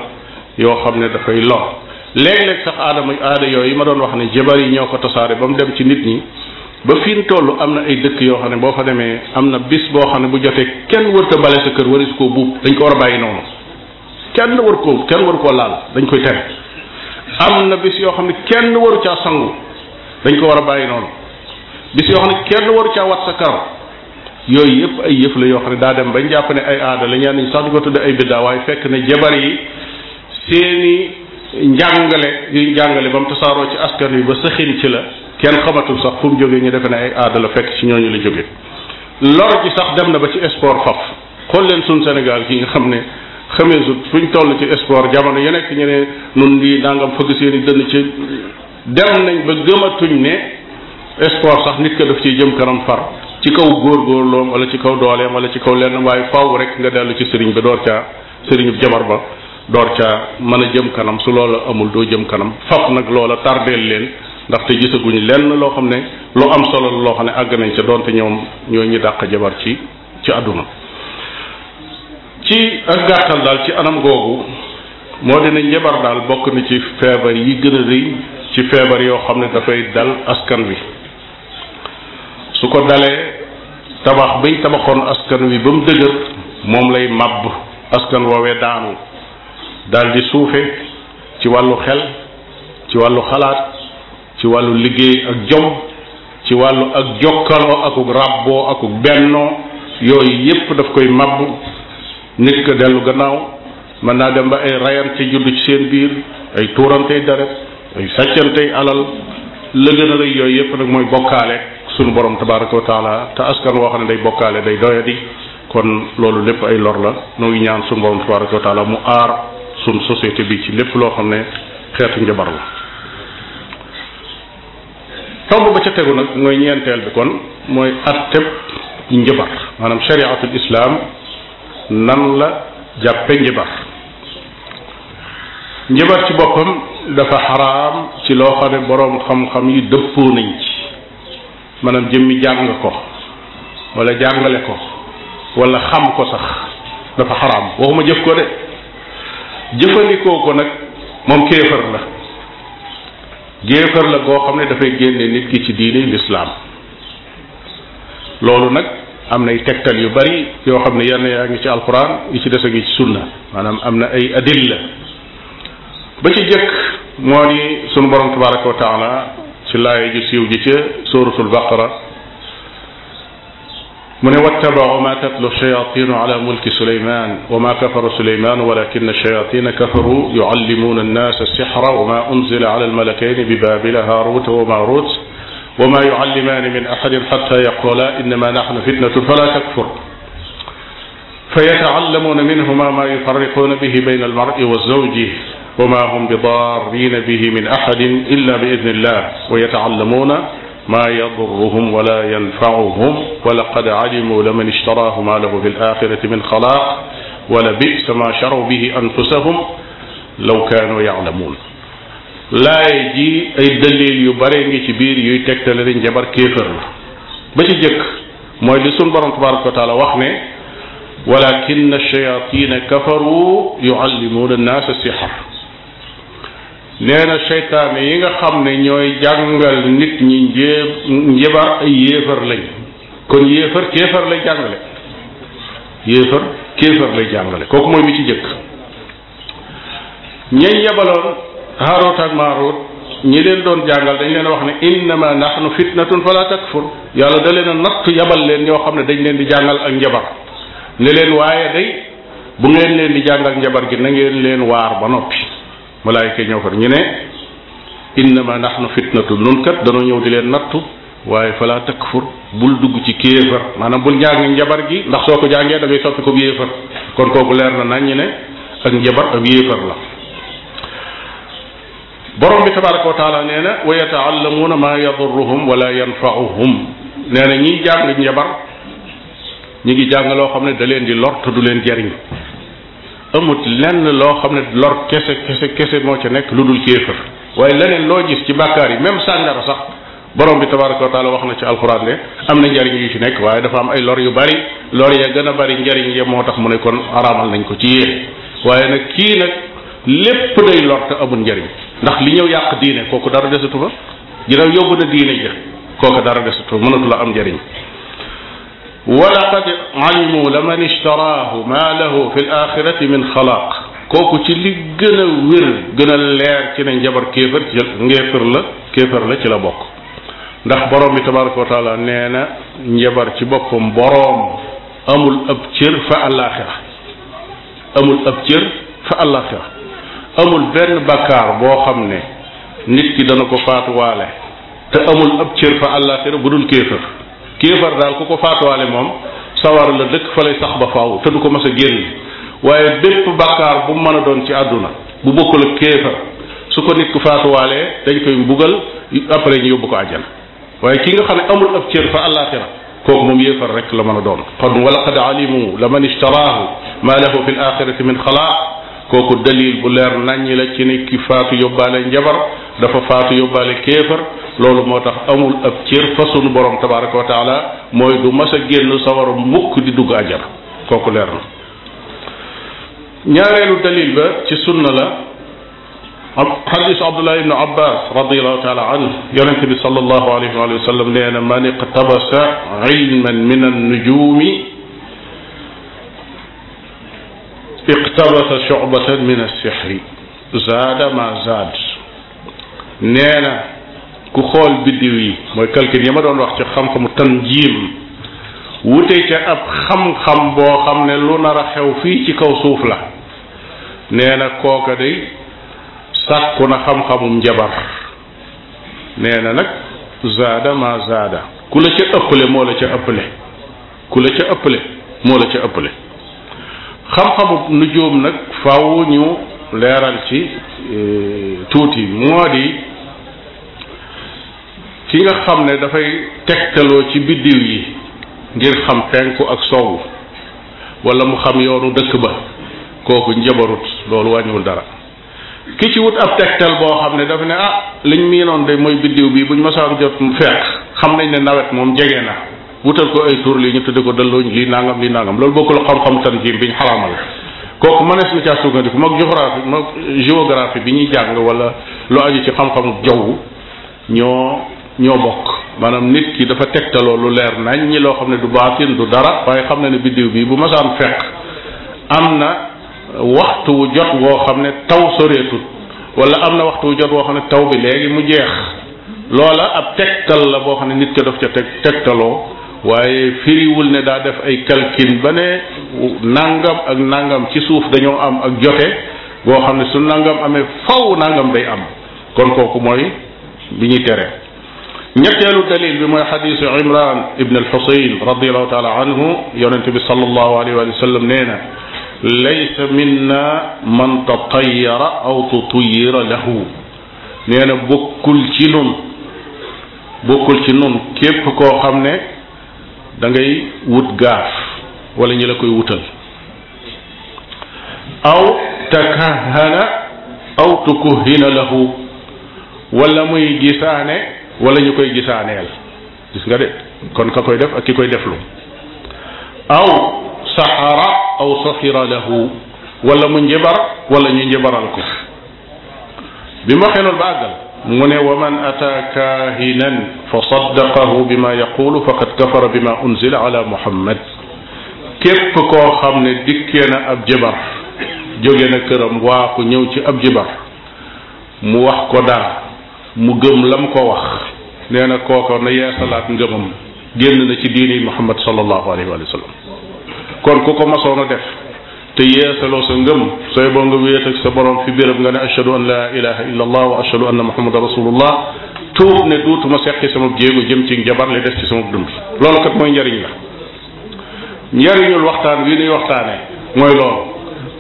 yoo xam ne dafay lor léeg-léeg sax aadama aada yooyu ma doon wax ne jabar yi ñoo ko tosaare ba mu dem ci nit ñi ba fii ñu toll am na ay dëkk yoo xam ne boo fa demee am na bis boo xam ne bu jotee kenn wërta bale sa kër warisu ko buub dañ ko war a bàyyi noonu kenn war koo kenn war koo laal dañ koy tere am na bis yoo xam ne kenn waru caa sangu dañ ko war a bàyyi noonu bis yoo xam ne kenn waru caa wat sa karo yooyu yëpp ay yëf la yoo xam ne daa dem bañ jàpp ne ay aada la ñaan nañ sax di ko tudde ay biddaa waaye fekk ne jabar yi seeni njàngale yuy jàngale ba mu tasaaroo ci askan wi ba sëxin ci la kenn xamatul sax fu mu jógee ñu defe ne ay aada la fekk ci ñooñu la jóge lor ji sax dem na ba ci sport faf xool leen suñ Sénégal gi nga xam ne xameesut fuñ toll ci sport jamono ya nekk ñu ne nun lii nangam fëgg seen i dënn dem nañ ba gëmatuñ ne sport sax nit ko def ciy jëm kanam far ci kaw góor góorgóorloom wala ci kaw dooleem wala ci kaw lenn waaye faaw rek nga dellu ci sëriñ ba door caa sëriñub jabar ba door ca mën a jëm kanam su loola amul doo jëm kanam faf nag loola tardeel leen ndaxte gisaguñu lenn loo xam ne lu am solo loo xam ne àgg nañ ca doonte ñoom ñoo ñu dàq jabar ci ci àdduna ci ak gàttal daal ci anam googu moo dina njabar daal bokk na ci feebar yi gën a rëy ci feebar yoo xam ne dafay dal askan wi su ko dalee tabax biñ tabaxoon askan wi ba mu dëgër moom lay màbb askan woowee daanu daldi suufe ci wàllu xel ci wàllu xalaat ci wàllu liggéey ak jom ci wàllu ak jokkaloo akuk ràbboo akuk bennoo yooyu yépp daf koy màbb nit ko dellu gannaaw mën naa dem ba ay rayante judd ci seen biir ay tuurantey deret ay sàccantey alal la gën a rëy yooyu yépp nag mooy bokkaale sunu borom tabaraka wa taala te askan woo xam ne day bokkaale day doyadi kon loolu lépp ay lor la nu ngi ñaan sunu borom tabaraka wa mu aar suñ bi ci lépp loo xam ne xeetu njabar la tomb ba ca tegu nag mooy ñeenteel bi kon mooy atteb njabar maanaam chariatul islam nan la jàppe njabar njabar ci boppam dafa xaraam ci loo xam ne boroom xam-xam yi dëppoo nañ ci maanaam jëmmi jàng ko walla jàngale ko wala xam ko sax dafa xaraam waxuma jëf ko de jëfandikoo ko nag moom kéefër la géefër la goo xam ne dafay génne nit ki ci diine lislaam loolu nag am nay tegtal yu bari yoo xam ne yenn yaa ngi ci alquran yi ci des a ngi ci sunna maanaam am na ay adilla ba ci jëkk moo ni sunu borom tabaraka wa taala ci laaya siiw ji ca suratul baqara mu ne wattabaau ma tatlu shayaatinu ala mulki suleyman wa ma kafara suleyman walakina shayatina kafaru yuallimuuna annaasa sixra wa ma unzila ala almalakayni bi baabila haaruuta wa maaruut wa ma yuallimaani min axadin xatta yaquula innama naxnu fitnatun falaa takfur fayataallamuuna minhuma ma yufarriquuna bihi bayna almar'i wa zawji wa ma hum bidaarriina bihi min axadin illa bi idnillah wa yataallamuuna maa yadurruhum wala yanfauhum wala qad alimu laman ishtaraahu maa lahu fi alaxirati min xalaaq wala bisa maa charaw bihi anfusahum law kaanu yaclamuun laay ji ay dalil yu bare ngi ci biir yuy tegtale ni njabar kéefër la ba ci jëkk mooy li sun borom tabaraka wa taala wax ne walakin alchayatina kafaru yuallimuuna annaasa sixar nee na seytaane yi nga xam ne ñooy jàngal nit ñi njéeb njibar ay yéefar lañ kon yéefar kéefar lay jàngale yéefar kéefar lay jàngale kooku mooy mi ci jëkk ñañ yebaloon Haarut ak Maarut ñi leen doon jàngal dañ leen wax ne innama nahnu fitnatun fala takfur yàlla da leen a yabal leen ñoo xam ne dañ leen di jàngal ak njabar ne leen waaye day bu ngeen leen di jàngal njabar gi na ngeen leen waar ba noppi malaayika ñoo far ñu ne innama nahnu fitnatun nun kat danoo ñëw di leen nattu waaye fala takfur bul dugg ci kéefar maanaam bul jàng njabar gi ndax soo ko jàngee da ngay soppi ko yéefar kon kooku leer na nañ ñi ne ak njabar ab yéefar la borom bi tabaraka wa nee na wa yataallamuuna maa yadurruhum wala yanfauhum nee na ñiy jàng njabar ñi ngi jàng loo xam ne da leen di lor te du leen jariñ amut lenn loo xam ne lor kese kese kese moo ca nekk lu dul kéefër waaye leneen loo gis ci bàkkaar yi même sàngara sax borom bi tabaraka wa taala wax na ci alxuraan ne am na njariñ yu ci nekk waaye dafa am ay lor yu bari lor ya gën a bari njariñ ya moo tax mu ne kon araamal nañ ko ci yéen waaye nag kii nag lépp day lor te amul njariñ ndax li ñëw yàq diine kooku dara desatu fa ginnaaw yóbbu na diine ja kooku dara desatu fa mënatu la am njariñ walaqad alimu laman ishtaraahu maa lahu fi alaxirati min xalaaq kooku ci li gën a wér gën a leer ci ne njabar kéefër ci ngéefër la kéefër la ci la bokk ndax borom bi tabaraka wa taala nee na njabar ci boppam boroom amul ab cër fa alaxira amul ab cër fa alaxira amul benn bakkaar boo xam ne nit ki dana ko faatuwaale te amul ab cër fa alaxira bu dul kéefër kéefar daal ko ko faatuwaale moom sawar la dëkk fa lay sax ba faaw te du ko mas a génn waaye bépp bàkkaar bu mu a doon ci àdduna bu bokkul ak kéefar su ko nit ku faatuwaalee dañ koy mbugal après ñu yóbbu a àjjana waaye ki nga xam ne amul ab cër fa àllaaxira kooku moom yéefar rek la mën a doon kon walaqad alimu la man ishtaraahu ma lahu fi l axirati min xalaaq kooku dalil bu leer naññi la ci ki faatu yóbbaale njabar dafa faatu yóbbaale kéefar loolu moo tax amul ab cër fa sunu borom tabaraka wa taala mooy du ma a génn sawara mukk di dugg ajara kooku leer na ñaareelu dalil ba ci sunna la xadisu abdullah ibnu abbas radiallahu taala anhu yonente bi salallahu alayhi wa sallam nee na man iqtabasa ilman min annujumi iqtabasa shubatan min assixri zaada ma zaad nee na ku xool biddiw yi mooy calcul yi ma doon wax ci xam-xamu tanjiim wute ca ab xam-xam boo xam ne lu nar a xew fii ci kaw suuf la nee na kooka day sàkku na xam-xamum njabar nee na nag zaada ma zaada ku la ca ëppale moo la ca ëppale ku la ca ëppale moo la ca ëppale xam nu nujum nag faaw ñu leeral ci e, tuuti moo di ki nga xam ne dafay tegtaloo ci biddiw yi ngir xam penku ak sowu walla mu xam yoonu dëkk ba kooku njabarut loolu wàññiwul dara ki ci wut ab tegtal boo xam ne dafa ne ah liñ miinoon de mooy biddiw bi buñ ma saa jot mu fekk xam nañ ne nawet moom jege na wutal ko ay tur lii ñu tudde ko dëllooñ lii nangam lii nangam loolu bokkul xam-xam tanjiim bi ñu xaraamal kooku mënees na caa sukkandiku moog géographie moog géographie bi ñuy jàng wala lu aju ci xam-xamu jaww ñoo ñoo bokk maanaam nit ki dafa tegtaloo lu leer nañ ñi loo xam ne du baatin du dara waaye xam na ne biddiw bii bu masaan fekk am na waxtu wu jot woo xam ne taw soreetut wala am na waxtu wu jot woo xam ne taw bi léegi mu jeex loola ab tegtal la boo xam ne nit ki daf ca teg tegtaloo waaye firiwul ne daa def ay calcul ba ne nangam ak nangam ci suuf dañoo am ak joxe boo xam ne su nangam amee faw nangam day am kon kooku bi ñuy tere ñetteelu dalil bi mooy xadisu imran ibn alxusayn radiallahu taala anhu yonente bi salallahu alayhi wa sallam nee na man tatayara aw tutuyira lahu nee na bokkul ci nun bokkul ci nun koo xam ne da ngay wut gaaf wala ñi la koy wutal aw takahana aw tukuhina lahu wala muy gisaane wala ñu koy gisaaneel gis nga de kon ka koy def ak ki koy deflu aw saxara aw saxira lahu wala mu njibar wala ñu njibaral ko bi ma xenoon ba àggal mu ne wa man ataa kaahinan fa saddaqahu bima yaqulu faqad kafara bima unzila ala muhammad képp koo xam ne dikkee na ab jibar jóge na këram waaxu ñëw ci ab jibar mu wax ko dara mu gëm lam ko wax nee na kooko na yeesalaat ngëmam génn na ci diini muhammad sallallahu alayhi wa sallam kon ku ko masoon def te yeesaloo sa ngëm sooy boo nga wéet ak sa borom fi béréb nga ne ashhadu an la ilaha illa allah wa ashhadu anna muhammadan rasulullah tuub ne duutuma seqi sama jéego jëm ci jabar li des ci sama dund loolu mooy njariñ la njariñul waxtaan wi nuy waxtaane mooy loolu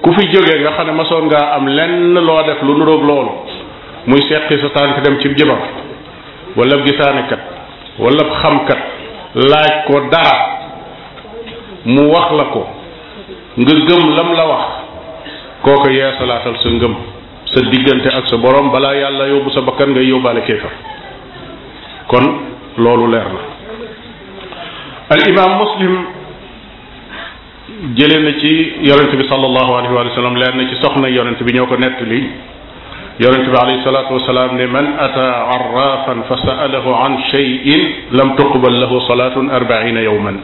ku fi jóge nga xam ne ma soon ngaa am lenn loo def lu nuroog loolu muy seqi sa tànk dem ci jabar wala gisaanekat wala xamkat laaj ko daa mu wax la ko nga gëm lam la wax kooko yeesalaatal sa ngëm sa diggante ak sa borom balaa yàlla yóbbu sa bakkan ngay yóbbaale kéefar kon loolu leer na al imaam muslim jëlee na ci yonent bi sallallahu alayhi wa sallam leer na ci soxna yonent bi ñoo ko nettali yonent bi alayhi salaatu wasalaam ne man ata arrafan fa sa'alahu an shay'in lam tuqbal lahu salatun arbaina yawman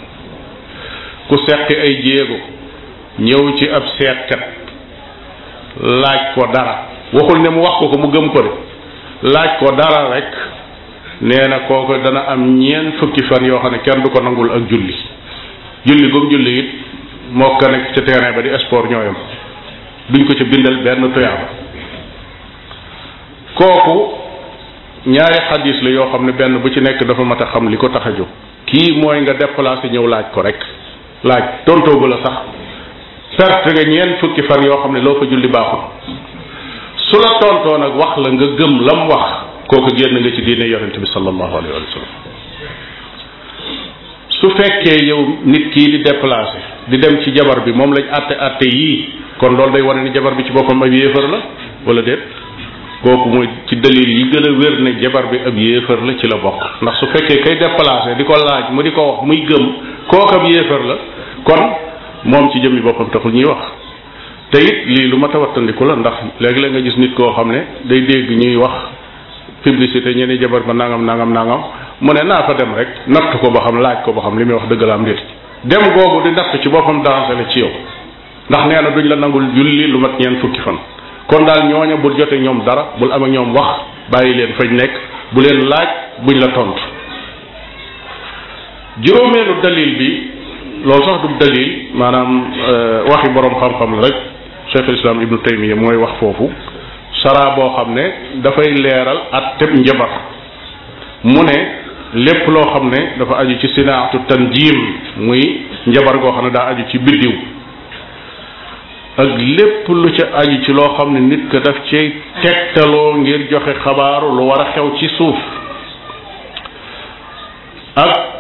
ku seqi ay jéego ñëw ci ab seetkat laaj ko dara waxul ne mu wax ko ko mu gëm ko de laaj ko dara rek nee na kooku dana am ñeent fukki fan yoo xam ne kenn du ko nangul ak julli julli gum julli it moo ko nekk ca terrain ba di sport ñooyam duñ ko ci bindal benn tuyaaba kooku ñaari xadis la yoo xam ne benn bu ci nekk dafa mat a xam li ko tax a jóg kii mooy nga déplacé ñëw laaj ko rek laaj tontoogu la sax perte nga ñeent fukki fan yoo xam ne loo fa julli baaxul su la tontoo nag wax la nga gëm lam wax kooku génn nga ci diine yonent bi sallallahu alayhi wa sallam su fekkee yow nit kii di déplacé di dem ci jabar bi moom lañ àtte àtte yii kon loolu day wane ne jabar bi ci boppam ab yéefar la wala déet kooku mooy ci dalil yi gën wér ne jabar bi ab yéefar la ci la bokk ndax su fekkee kay déplacé di ko laaj mu di ko wax muy gëm kooku ab yéefar la kon moom ci jëmmi boppam taxul ñuy wax tey lii lu ma wattandiku la ndax léegi la nga gis nit koo xam ne day dégg ñuy wax publicité ñeneen jabar ba nangam nangam nangam mu ne naa fa dem rek natt ko ba xam laaj ko ba xam li muy wax dëgg la am déet dem googu di natt ci boppam dansé la ci yow ndax nee na duñ la nangul julli lu mat ñeent fukki fan kon daal ñooña bul jote ñoom dara bul am ñoom wax bàyyi leen fañ nekk bu leen laaj buñ la tontu juróomeelu loolu sax du dalil maanaam euh, waxi boroom xam-xam la rek cheikh islam ibnu taymiya mooy wax foofu saraa boo xam ne dafay leeral at teb njabar mu ne lépp loo xam ne dafa aju ci sinaatu tanjim muy njabar goo xam ne daa aju ci biddiw ak lépp lu ca aju ci loo xam ne nit ko daf cay tegtaloo ngir joxe xabaaru lu war a xew ci suuf ak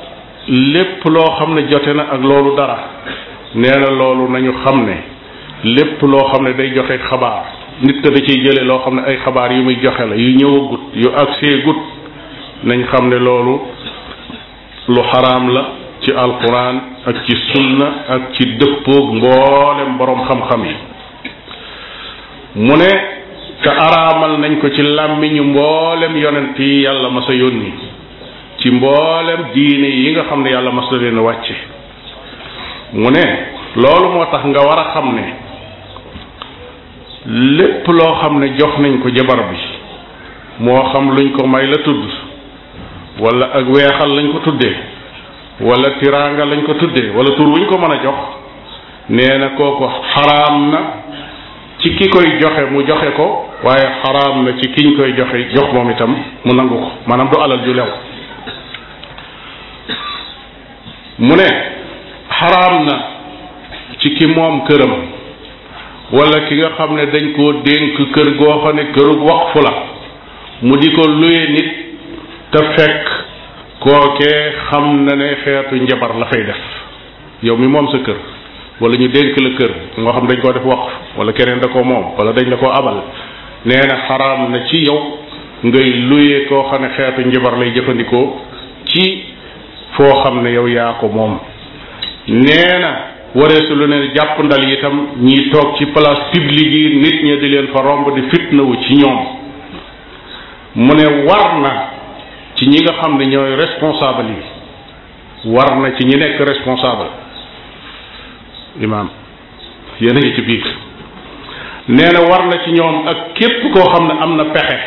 lépp loo xam ne jote na ak loolu dara nee na loolu nañu xam ne lépp loo xam ne day joxe xabaar nit ka da ciy jële loo xam ne ay xabaar yu muy joxe la yu ñëwagut yu agsee gut nañ xam ne loolu lu xaraam la ci alquran ak ci sunna ak ci dëppoog mboolem boroom xam-xam yi mu ne te araamal nañ ko ci làmmiñ yu mboolem yonent yi yàlla ma sa yónni ci mboolem diine yi nga xam ne yàlla mas na leen wàcce mu ne loolu moo tax nga war a xam ne lépp loo xam ne jox nañ ko jabar bi moo xam luñ ko may la tudd walla ak weexal lañ ko tuddee wala tiraanga lañ ko tuddee wala tur wuñ ko mën a jox nee na kooku xaraam na ci ki koy joxe mu joxe ko waaye xaram na ci kiñ koy joxe jox moom itam mu nangu ko maanaam du alal ju lew mu ne xaraam na ci ki moom këram walla ki nga xam ne dañ koo dénk kër goo xam ne këru waqfu la mu di ko luye nit te fekk kookee xam na ne xeetu njabar la fay def yow mi moom sa kër walla ñu dénk la kër nga xam dañ koo def waqf wala keneen da ko moom wala dañ la ko abal nee na xaraam na ci yow ngay luye koo xam ne xeetu njabar lay jëfandikoo ci foo xam ne yow yaa ko moom nee na wareesu lu ne jàpp ndal itam ñiy toog ci place publique yi nit ña di leen fa romb di fitnawu ci ñoom mu ne war na ci ñi nga xam ne ñooy responsable yi war na ci ñi nekk responsable imaam yéen a ci biir nee war na ci ñoom ak képp koo xam ne am na pexe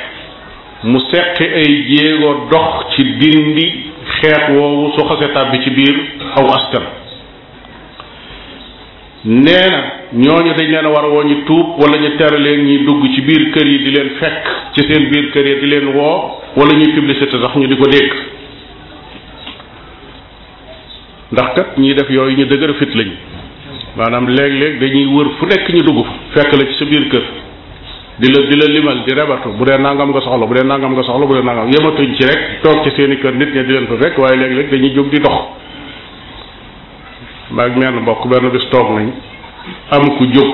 mu seqi ay jéego dox ci dindi xeex woowu su xase tàbbi ci biir aw askan nee na ñooñu dañ leen a war a woo ñu tuub wala ñu tere leen ñuy dugg ci biir kër yi di leen fekk ci seen biir kër yi di leen woo wala ñuy publicité sax ñu di ko dégg ndax kat ñiy def yooyu ñu dëgër fit lañu maanaam léeg-léeg dañuy wër fu nekk ñu dugg fekk la ci sa biir kër di la di la limal di rebatu bu dee nangam nga soxla bu dee nangam nga soxla bu dee nangam yëmatuñ ci rek toog ci seeni kër nit ña di leen fa fekk waaye léegi-léeg dañuy jóg di dox maag menn mbokk benn bis toog nañ am ku jóg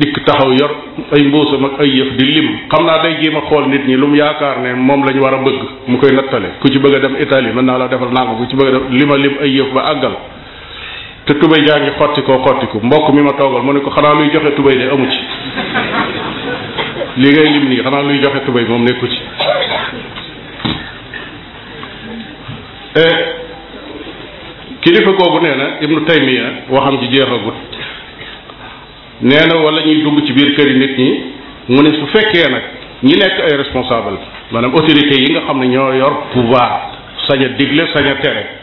dikk taxaw yor ay mbuusam ak ay yëf di lim xam naa day jéem a xool nit ñi lu mu yaakaar ne moom lañ war a bëgg mu koy nattale ku ci bëgg a dem Italie mën naa la defal nangam ku ci bëgg a def lima lim ay yëf ba àggal te tubay jaa ngi xotti koo xottiku mbokk mi ma toogal mu ne ko xanaa luy joxe tubay de amu ci li ngay lim nii xanaa luy joxe tubéy moom nekku ci eh, kilifa googu nee na ibnu taymiya waxam ci jeexagut nee na wala ñuy dugg ci biir kër nit ñi mu ne su fekkee nag ñi nekk ay responsable maanaam autorité yi nga xam ne ñoo yor pouvoir sañ a digle sañ tere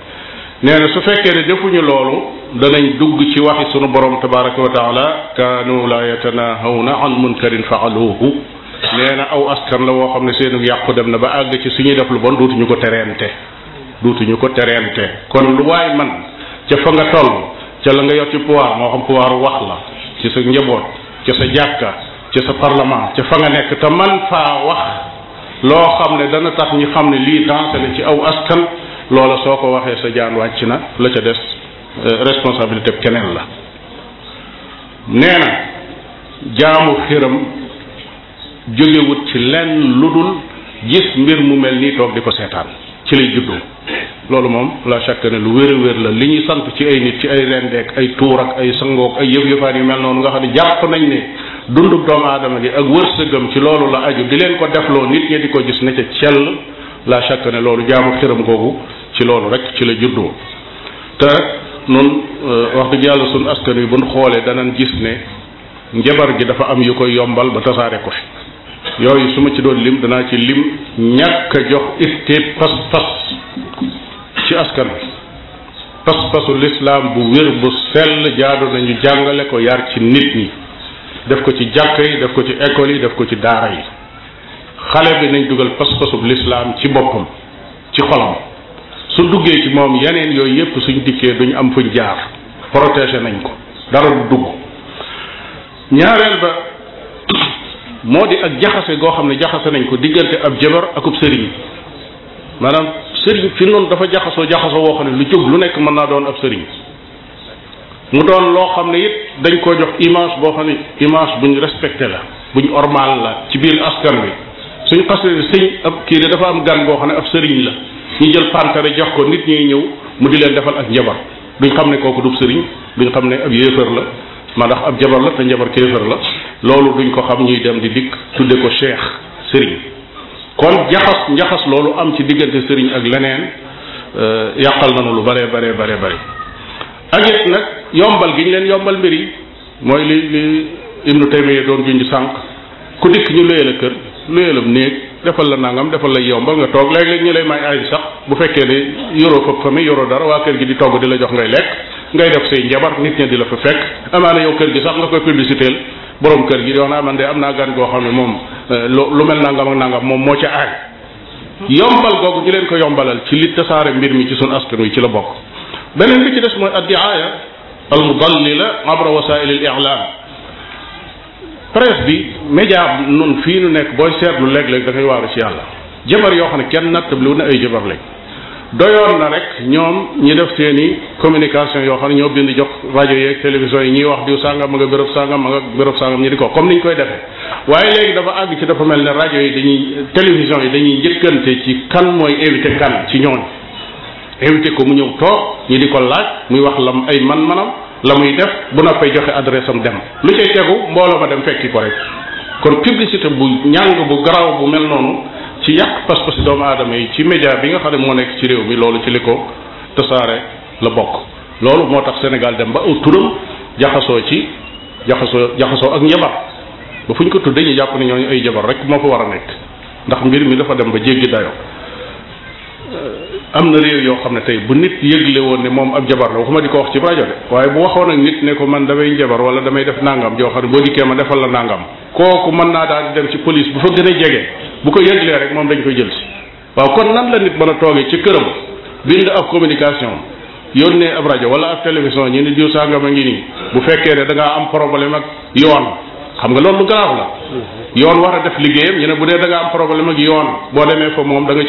nee na su fekkee ne defuñu loolu danañ dugg ci wax sunu borom tabaraka wa taala kaanu la yatanahawna an munkarin faaluuhu nee na aw askan la woo xam ne seenu yàqu dem na ba àgg ci suñuy def lu bon duutuñu ko tereente duutuñu ko tereente kon lu waay man ca fa nga toll ca la nga yor ci pouvoir moo xam pouvoir wax la ci sa njaboot ca sa jàkka ca sa parlement ca fa nga nekk te man faa wax loo xam ne dana tax ñu xam ne lii dansé la ci aw askan loola soo ko waxee sa jaan wàcc na la ca des euh, responsabilité keneen la nee na jaamu xiram jógewut ci lenn lu dul gis mbir mu mel nii toog di ko seetaan ci lay juddoo loolu moom laa chaque ne lu wér a wér la li ñuy sant ci ay nit ci ay rendeek ay tuur ak ay sangook ay yëf-yëfaan yu mel noonu nga xam ne jàpp nañ ne dundub doomu aadama gi ak wërsëgam ci loolu la aju di leen ko defloo nit ñi di ko gis ne ca cell laa chaque ne loolu jaamu xiram googu ci loolu rek ci la juddoo te nun euh, wax dëgg yàlla sunu askan wi buñ xoolee danañ gis ne njabar gi dafa am yu koy yombal ba tasaare ko fi yooyu su ma ci doon lim danaa ci lim ñàkk a jox itte pas-pas ci askan wi pas-pasu lislaam bu wér bu sell jaadu nañu jàngale ko yar ci nit yi def ko ci jàkk yi def ko ci école yi def ko ci daara yi xale bi nañ dugal pas-pasu lislaam ci boppam ci xolam su duggee ci moom yeneen yooyu yépp suñ dikkee duñu am fuñ jaar protéger nañ ko dara du dugg ñaareel ba moo di ak jaxase goo xam ne jaxase nañ ko diggante ab jabar akub sëriñ maanaam sëriñ fi noonu dafa jaxasoo jaxasoo woo xam ne lu jóg lu nekk mën naa doon ab sëriñ mu doon loo xam ne it dañ koo jox image boo xam ne image buñ respecté la buñ ormal la ci biir askan wi suñ xasee ne sëñ ab kii de dafa am gan boo xam ne ab sëriñ la ñu jël pantare jox ko nit ñuy ñëw mu di leen defal ak njabar duñ xam ne kooku du sëriñ duñ xam ne ab yéefar la ma ndax ab jabar la te njabar kéefar la loolu duñ ko xam ñuy dem di dikk tudde ko cheikh sëriñ kon jaxas njaxas loolu am ci diggante sëriñ ak leneen euh, yàqal nanu lu bare bare bare bare ak nag yombal gi ñu leen yombal mbir yi mooy li li ibnu taymiya doon junj sànq ku dikk ñu lëyal a kër luyeel ab néeg defal la nangam defal la yombal nga toog léeg-léeg ñu lay may añ sax bu fekkee ne yoroo fa famille yoroo dara waa kër gi di togg di la jox ngay lekk ngay def say njabar nit ña di la fa fekk amaana yow kër gi sax nga koy publicité borom kër gi di wax naa man de am naa gan goo xam ne moom eh, lu mel nangam ak nangam moom moo ca aay yombal googu ñu leen ko yombalal ci li tasaare mbir mi ci sunu askan wi ci la bokk beneen bi ci des mooy addiaaya al mudallila abra wasail al i'lam presse bi média nun fii nu nekk booy seetlu léeg-léeg da ngay waaru ci yàlla jabar yoo xam ne kenn nattabliwu na ay jabar lañ doyoon na rek ñoom ñi def seeni communication yoo xam ne ñoo bind jox rajo yeeg télévision yi ñuy wax diw sàngam ma nga béréb sàngam ma nga béréb sàngam ñi di ko comme niñ koy defe waaye léegi dafa àgg ci dafa mel ne rajo yi dañuy télévision yi dañuy njëkkante ci kan mooy invité kan ci ñooñ invité ko mu ñëw toog ñi di ko laaj muy wax lam ay man-manam la muy def bu noppee joxe adresse am dem lu cay tegu mbooloo ma dem fekki ko rek kon publicité bu ñàng bu garaaw bu mel noonu ci yàq pas-pasi doomu aadama yi ci média bi nga xam ne moo nekk ci réew mi loolu ci li ko tasaare la bokk loolu moo tax Sénégal dem ba aw turam jaxasoo ci jaxasoo jaxasoo ak njabar ba fu ñu ko tuddee ñu jàpp ne ñooñu ay jabar rek moo fa war a nekk ndax mbir mi dafa dem ba jéggi dayo am na réew yoo xam ne tey bu nit yëgle woon ne moom ab jabar la waxuma di ko wax ci rajo de waaye bu waxoon ak nit ne ko man damay jabar wala damay def nangam joo xam ne boo dikkee ma defal la nangam kooku mën naa daal di dem ci police bu fa gën a jege bu ko yëglee rek moom dañ koy jël si waaw kon nan la nit mën a toogee ci këram bind ab communication yónnee ab rajo wala ab télévision ñi ni diw sangam a ngi nii bu fekkee ne da ngaa am problème ak yoon xam nga loolu lu garaaw mm-hmm. yoon war a def liggéeyam ñu bu dee da ngaa yoon boo demee fa moom da nga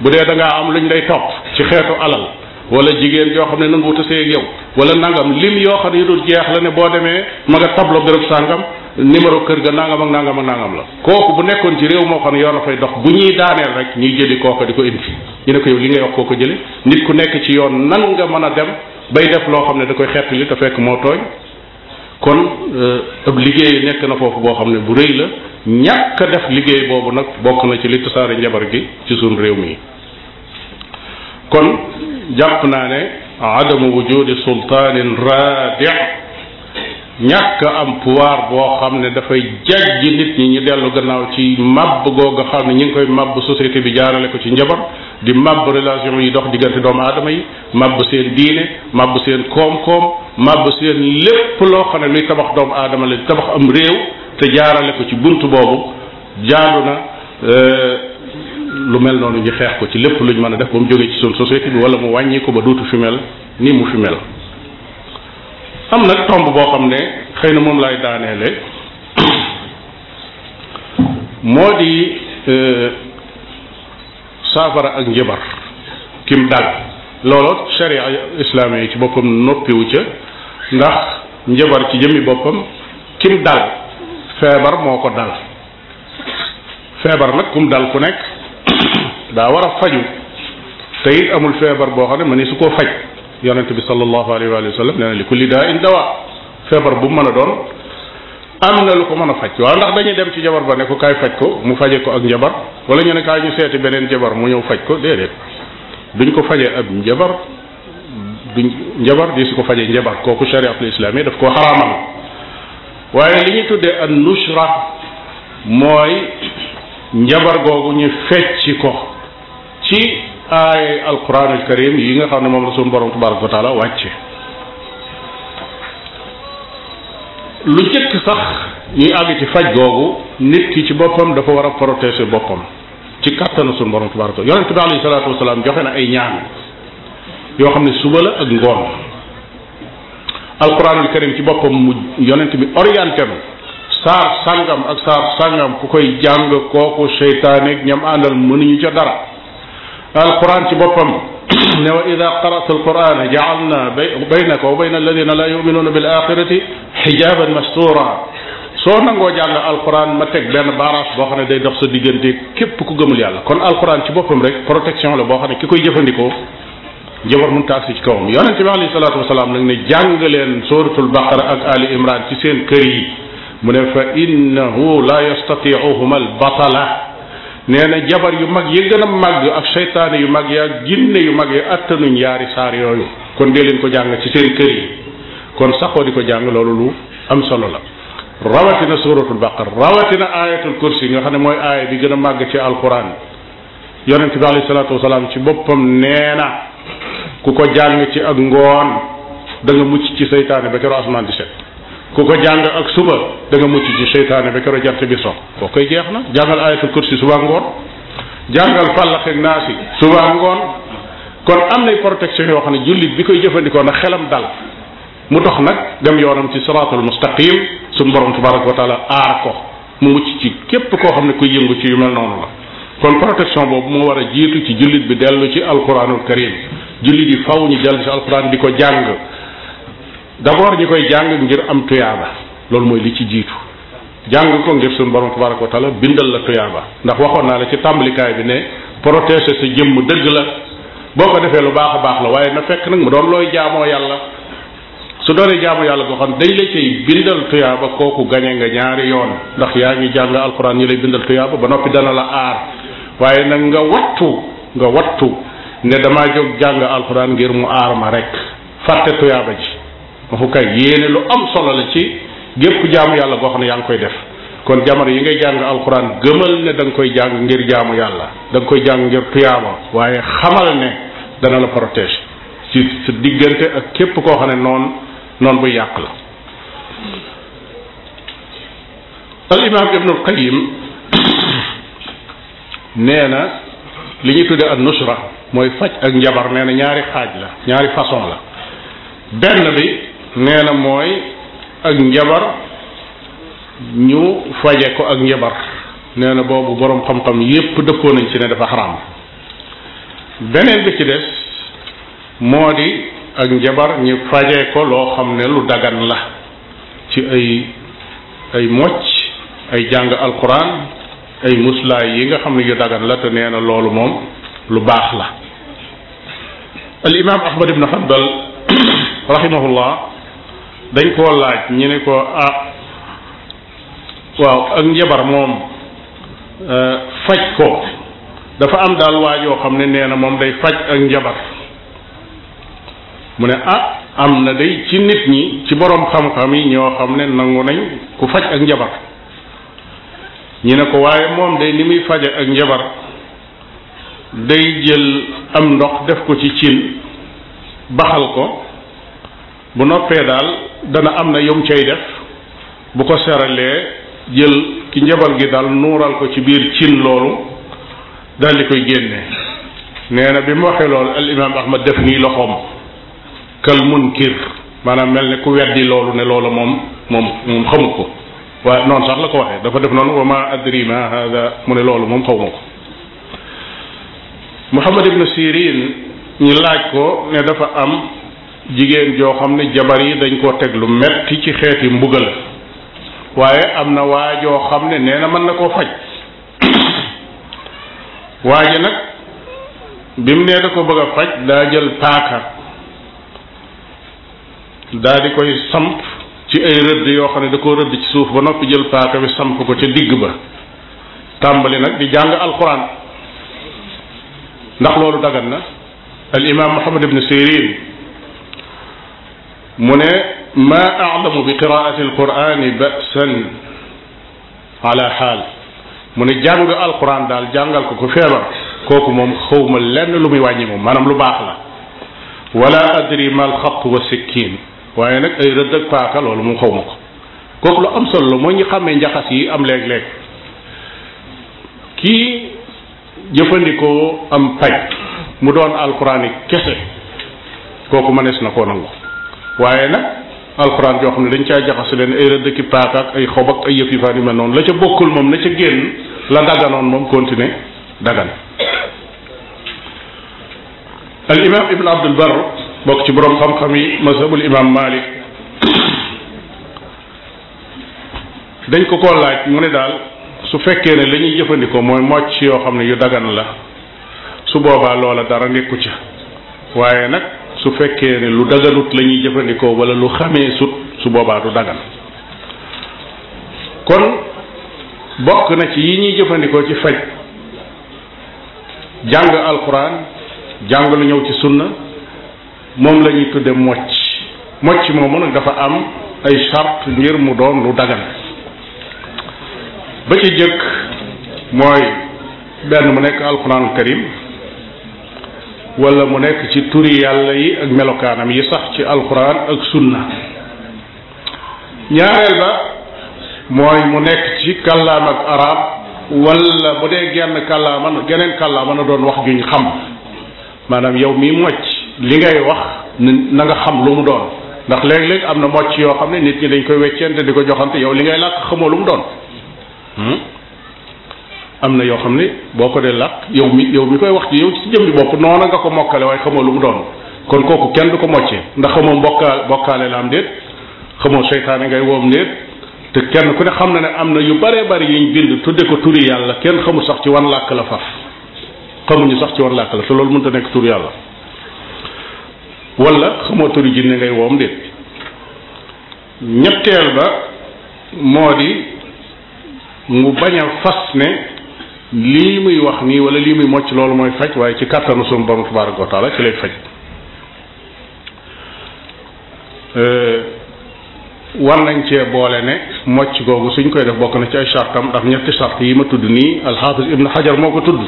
bu dee da ngaa am ñu lay topp ci xeetu alal wala jigéen joo xam ne nangu wut a seeg yow wala nangam lim yoo xam ne yu dul jeex la ne boo demee ma nga tablo béréb sàngam numéro kër ga nangam ak nangam ak nangam la kooku bu nekkoon ci réew moo xam ne yoon a fay dox bu ñuy daaneel rek ñuy jëli kooka di ko indi ñu ne ko yow li ngay wax koo ko jëli nit ku nekk ci yoon nan nga mën a dem bay def loo xam ne da koy xettali te fekk moo tooñ kon euh, ab liggéey nekk na foofu boo xam ne bu rëy la ñàkk def liggéey boobu nag bokk na ci li tasaare njabar gi ci suñ réew mi kon jàpp naa ne adamu wujudi sultaanin raadi ñàkk am pouvoir boo xam ne dafay jajji nit ñi ñu dellu gannaaw ci màbb googu xam ne ñu ngi koy màbb société bi jaarale ko ci njabar di màbb relation yi dox diggante doomu aadama yi màbb seen diine màbb seen koom-koom màbb seen lépp loo xam ne luy tabax doom aadama la tabax am réew te jaarale ko ci bunt boobu jaadu na euh, lu mel noonu ñu xeex ko ci lépp lu ñu mën a def ba mu jógee ci suñ société bi wala mu wàññi ba dootu fi mel ni mu fi mel am nag tomb boo xam ne xëy na moom laay daaneele moo di euh, saafara ak njabar kim dal loolu sharia islaam yi ci boppam noppiwu ca ndax njabar ci jëmmi boppam kim dal feebar moo ko dal feebar nag kum dal ku nekk daa war a faju te it amul feebar boo xam ne ma ni su koo faj yonente bi sallallahu alayhi wa sallam ku na li kulli daa in dawa feebar bu mu mën a doon am na lu ko mën a faj waaw ndax dañuy dem ci jabar ba ne ko kaay faj ko mu faje ko ak njabar wala ñu ne kaay ñu seeti beneen jabar mu ñëw faj ko déedéet duñ ko fajee ab njabar duñ njabar di si ko fajee njabar kooku chariatul islamia daf koo xaraamal waaye li ñu tuddee an nushra mooy njabar googu ñu fecc ko ci ay alquran al karim yi nga xam ne moom la suñu borom tabaraka wa taala wàcce lu jëkk sax ñuy àgg ci faj googu nit ki ci boppam dafa war a protéger boppam ci kattanu suñu borom tabaraka yonente bi alayhi salaatu wasalaam joxe na ay ñaan yoo xam ne suba la ak ngoon alquranul karim ci boppam mu yonent bi orienté nu saar sàngam ak saar sàngam ku koy jàng kooku seytaaneeg ñam àndal mënuñu ca dara alquran ci boppam ne wa ida qara'ta alquran ja'alna baynaka wa bayna alladina la yu'minuna bil axirati hijaban mastura soo nangoo jàng alxuraan ma teg benn barrage boo xam ne day dox sa diggante képp ku gëmul yàlla kon alxuraan ci boppam rek protection la boo xam ne ki koy jëfandikoo njaboot mun taas ci kawam yonente bi alayhi salaatu wasalaam nag ne jàng leen suratul baqara ak ali imran ci seen kër yi mu ne fa innahu la yastatiuhuma al batala nee na jabar yu mag yi gën a màgg ak seytaane yu mag yaa ginne yu mag ya attanuñ yaari saar yooyu kon dee leen ko jàng ci seen kër yi kon saxoo di ko jàng loolu lu am solo la rawatina suratul baqara rawatina ayatul kursi nga xam ne mooy aaya bi gën a màgg ci alquran yonent bi alayhi salaatu wasalaam ci boppam nee na ku ko jàng ci ak ngoon da nga mucc ci seytaane ba keroog asmaan di set ku ko jàng ak suba danga mucc ci seytaane ba keroog jant bi so koo koy jeex na jàngal ayatul kursi suba ngoon jàngal fàllax ak naasi suba ngoon kon am nay protection yoo xam ne jullit bi koy jëfandikoo na xelam dal mu dox nag dem yoonam ci siraatul mustaqim suñ borom tabaraka wa taala aar ko mu mucc ci képp koo xam ne kuy jëngu ci yu mel noonu la kon protection boobu moo war a jiitu ci jullit bi dellu ci al alquranul karim jullit yi faw ñu dellu ci alquran di ko jàng d'abord ñi koy jàng ngir am tuyaaba loolu mooy li ci jiitu jàng ko ngir suñu borom tabaraka wa taala bindal la tuyaaba ndax waxoon naa la ci tàmbalikaay bi ne protéger sa mu dëgg la boo ko defee lu baax a baax la waaye na fekk nag mu doon looy jaamoo yàlla su doonee jaamu yàlla goo xam ne dañ la cay bindal tuyaaba kooku gañe nga ñaari yoon ndax yaa ngi jàng alxuraan ñu lay bindal tuyaaba ba noppi dana la aar waaye nag nga wattu nga wattu ne dama jóg jàng alxuraan ngir mu aar ma rek fàtte tuyaaba ji waxu kay yéene lu am solo la ci gépp jaamu yàlla goo xam ne yaa ngi koy def kon jamono yi ngay jàng alxuraan gëmal ne da koy jàng ngir jaamu yàlla da koy jàng ngir tuyaaba waaye xamal ne dana koo xam ne noonu noonu bu yàq la al imaam ibnul qayim nee na li ñu tudde ak nusra mooy faj ak njabar nee ñaari xaaj la ñaari façon la benn bi nee na mooy ak njabar ñu faje ko ak njabar nee na boobu boroom xam-xam yépp dëppoo nañ ne dafa xaraam beneen bi ci des moo di ak njabar ñu fajee ko loo xam ne lu dagan la ci ay ay mocc ay jàng alquran ay muslaay yi nga xam ne yu dagan la te nee na loolu moom lu baax la al imam ahmad ibn hanbal rahimahullah dañ koo laaj ñu ne ko ah waaw ak njabar moom eh, faj ko dafa am daal waa yoo xam ne nee na moom day faj ak njabar mu ne ah am na day ci nit ñi ci boroom xam-xam yi ñoo xam ne nangu nañ ku faj ak njabar ñi ne ko waaye moom day ni muy faje ak njabar day jël am ndox def ko ci cin baxal ko bu noppee daal dana am na yom cay def bu ko seralee jël ki njabar gi daal nuural ko ci biir cin loolu daal di koy génne nee na bi mu waxee loolu al imaam ahmad def nii loxoom kal munkir maanaam mel ne ku weddi loolu ne loola moom moom moom xamu ko waaye noonu sax la ko waxee dafa def noonu wa ma adri mu ne loolu moom xaw ma ko Muhammad ibnu Sirin ñu laaj ko ne dafa am jigéen joo xam ne jabar yi dañ koo teg lu metti ci xeeti mbugal waaye am na waa joo xam ne nee na mën na koo faj waaye nag bi mu nee da ko bëgg a faj daa jël paaka daa koy samp ci ay rëdd yoo xam ne da koo ci suuf ba noppi jël paaka bi samp ko ca digg ba tàmbali nag di jàng alquran ndax loolu dagan na al imam muhammad ibn sirin mu ne ma alamu bi qiraati mu ne jàng alquran daal jàngal ko ku feebar kooku moom xawma lenn lu muy wàññi moom maanaam lu baax la wala adri ma alxat wa sikkin waaye nag ay rëdd ak paaka loolu moom xaw ma ko kooku lu am solo la mooy ñu xàmmee njaxas yi am léeg-léeg kii jëfandikoo am paj mu doon alxuraan yi kese kooku mënees na koo nangu waaye nag alxuraan joo xam ne dañ caa jaxase leen ay rëdd ki paaka ak ay xob ak ay yëf yu faan yu mel noonu la ca bokkul moom la ca génn la daganoon moom continuer dagan al imam abdul bar bokk ci boroom xam-xam yi mazhabul imam malik dañ ko ko laaj mu ne daal su fekkee ne lañuy jëfandikoo mooy mocc yoo xam ne yu dagan la su boobaa loola dara nekku ca waaye nag su fekkee ne lu daganut lañuy jëfandikoo wala lu xamee sut su boobaa du dagan kon bokk na ci yi ñuy jëfandikoo ci faj jàng alquran jàng lu ñëw ci sunna moom la ñuy tudde mocc mocc moomu nag dafa am ay charte ngir mu doon lu dagan ba ci jëkk mooy benn mu nekk alquran karim wala mu nekk ci turi yàlla yi ak melokaanam yi sax ci alquran ak sunna ñaareel ba mooy mu nekk ci kàllaam ak arab wala bu dee genn kàllaama geneen kàllaama na doon wax juñ xam maanaam yow mi mocc li ngay wax na nga xam lu mu doon ndax léegi léeg am na mocc yoo xam ne nit ñi dañ koy weccente di ko joxante yow li ngay làkk xamoo lu mu doon hmm? am na yoo xam ne boo ko dee làkk yow mi yow mi koy wax ci yow ci jëm di bopp noona nga ko mokkale waaye xamoo lu mu doon kon kooku kenn du ko moccee ndax xamoo mbokkaal laam la am déet xamoo seytaane ngay woom déet te kenn ku ne xam na ne am na yu bare bari yuñ bind tudde ko turi kenn xamul sax ci wan làkk la faf xamuñu sax ci wan làkk la te loolu mënta nekk tur yàlla wala xamaturu jinne ngay woom déet ñetteel ba moo di mu bañ a fas ne lii muy wax nii wala lii muy mocc loolu mooy faj waaye ci kàttanu sunu borom tabaraka wa taala ci lay faj euh, war nañ cee boole ne mocc googu suñ koy def bokk na ci ay chartam ndax ñetti chart yi ma tudd nii alxaafis ibn xajar moo ko tudd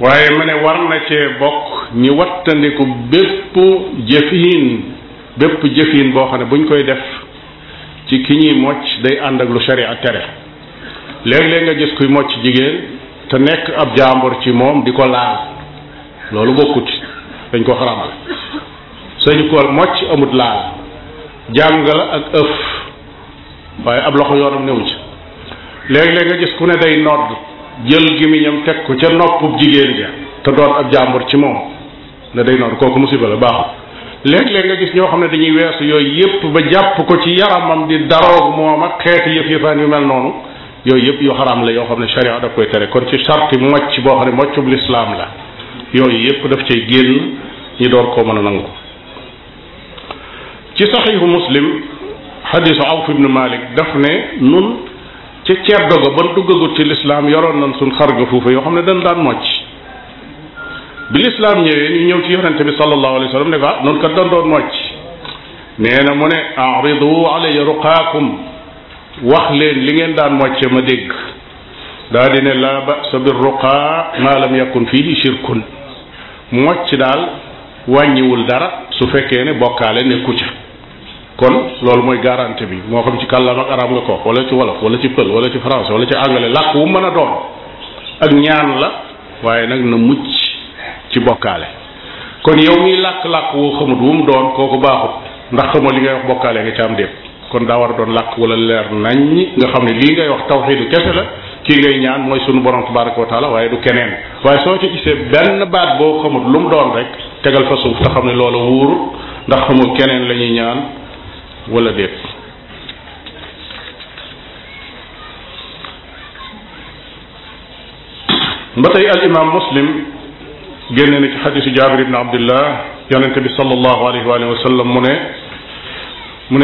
waaye ma ne war na cee bokk ñi wattandiku bépp jëfiin bépp jëfiin boo xam ne buñ koy def ci ki ñuy mocc day ànd ak lu sharia tere léeg-léeg nga gis kuy mocc jigéen te nekk ab jaambur ci moom di ko laal loolu bokkut dañ ko xaramal sañu kool mocc amut laal jaam nga la ak ëf waaye ab loxo yoonam newu ci léegi léeg nga gis ku ne day nodd jël gémmiñam teg ko ca noppub jigéen ja te doon ab jàmbur ci moom ne day noonu kooku musiba la baaxul léeg-léeg nga gis ñoo xam ne dañuy weesu yooyu yëpp ba jàpp ko ci yaramam di daroog moom ak xeeti yëpp yëppaan yu mel noonu yooyu yëpp yu xaraam la yoo xam ne sharia daf koy tere kon ci sarti mocc boo xam ne moccub lislaam la yooyu yëpp daf cay génn ñi door koo mën a nangu ci saxiixu muslim xadiisu awf ibnu malik daf ne nun ca ceddo ga ban duggagut ci lislaam yoroon na suñ xar ga fuufa yoo xam ne dañ daan mocc bi lislaam ñëwee ñu ñëw ci yonente bi sallallahu alayhi wa sallam ne ko ah noonu kat dañ doon mocc nee na mu ne aridu alayya ruqaakum wax leen li ngeen daan mocce ma dégg daa di ne laa ba'sa bir ruqaa maa lam yakun fiihi shirkun mocc daal wàññiwul dara su fekkee ne bokkaale nekku ca kon loolu mooy garantie bi moo xam ci kàllaama ak arab nga ko wala ci wolof wala ci pël wala ci français wala ci anglais làkk wu mën a doon ak ñaan la waaye nag na mucc ci bokkaale kon yow miy làkk-làkk woo xamut wu mu doon kooku baaxut ndax xamoo li ngay wax bokkaale nga ci am déet kon daa war a doon làkk wala leer naññ nga xam ne lii ngay wax tawxiidu kese la kii ngay ñaan mooy sunu borom tabaraka wa waaye du keneen waaye soo ci gisee benn baat boo xamut lu mu doon rek tegal fa suuf te xam ne loola wóorut ndax xamul keneen la ñuy ñaan wala déet ba al imam muslim génne na ci xadisu jaabir ibn abdullah yonente bi sallallahu alayhi wa sallam mu ne mu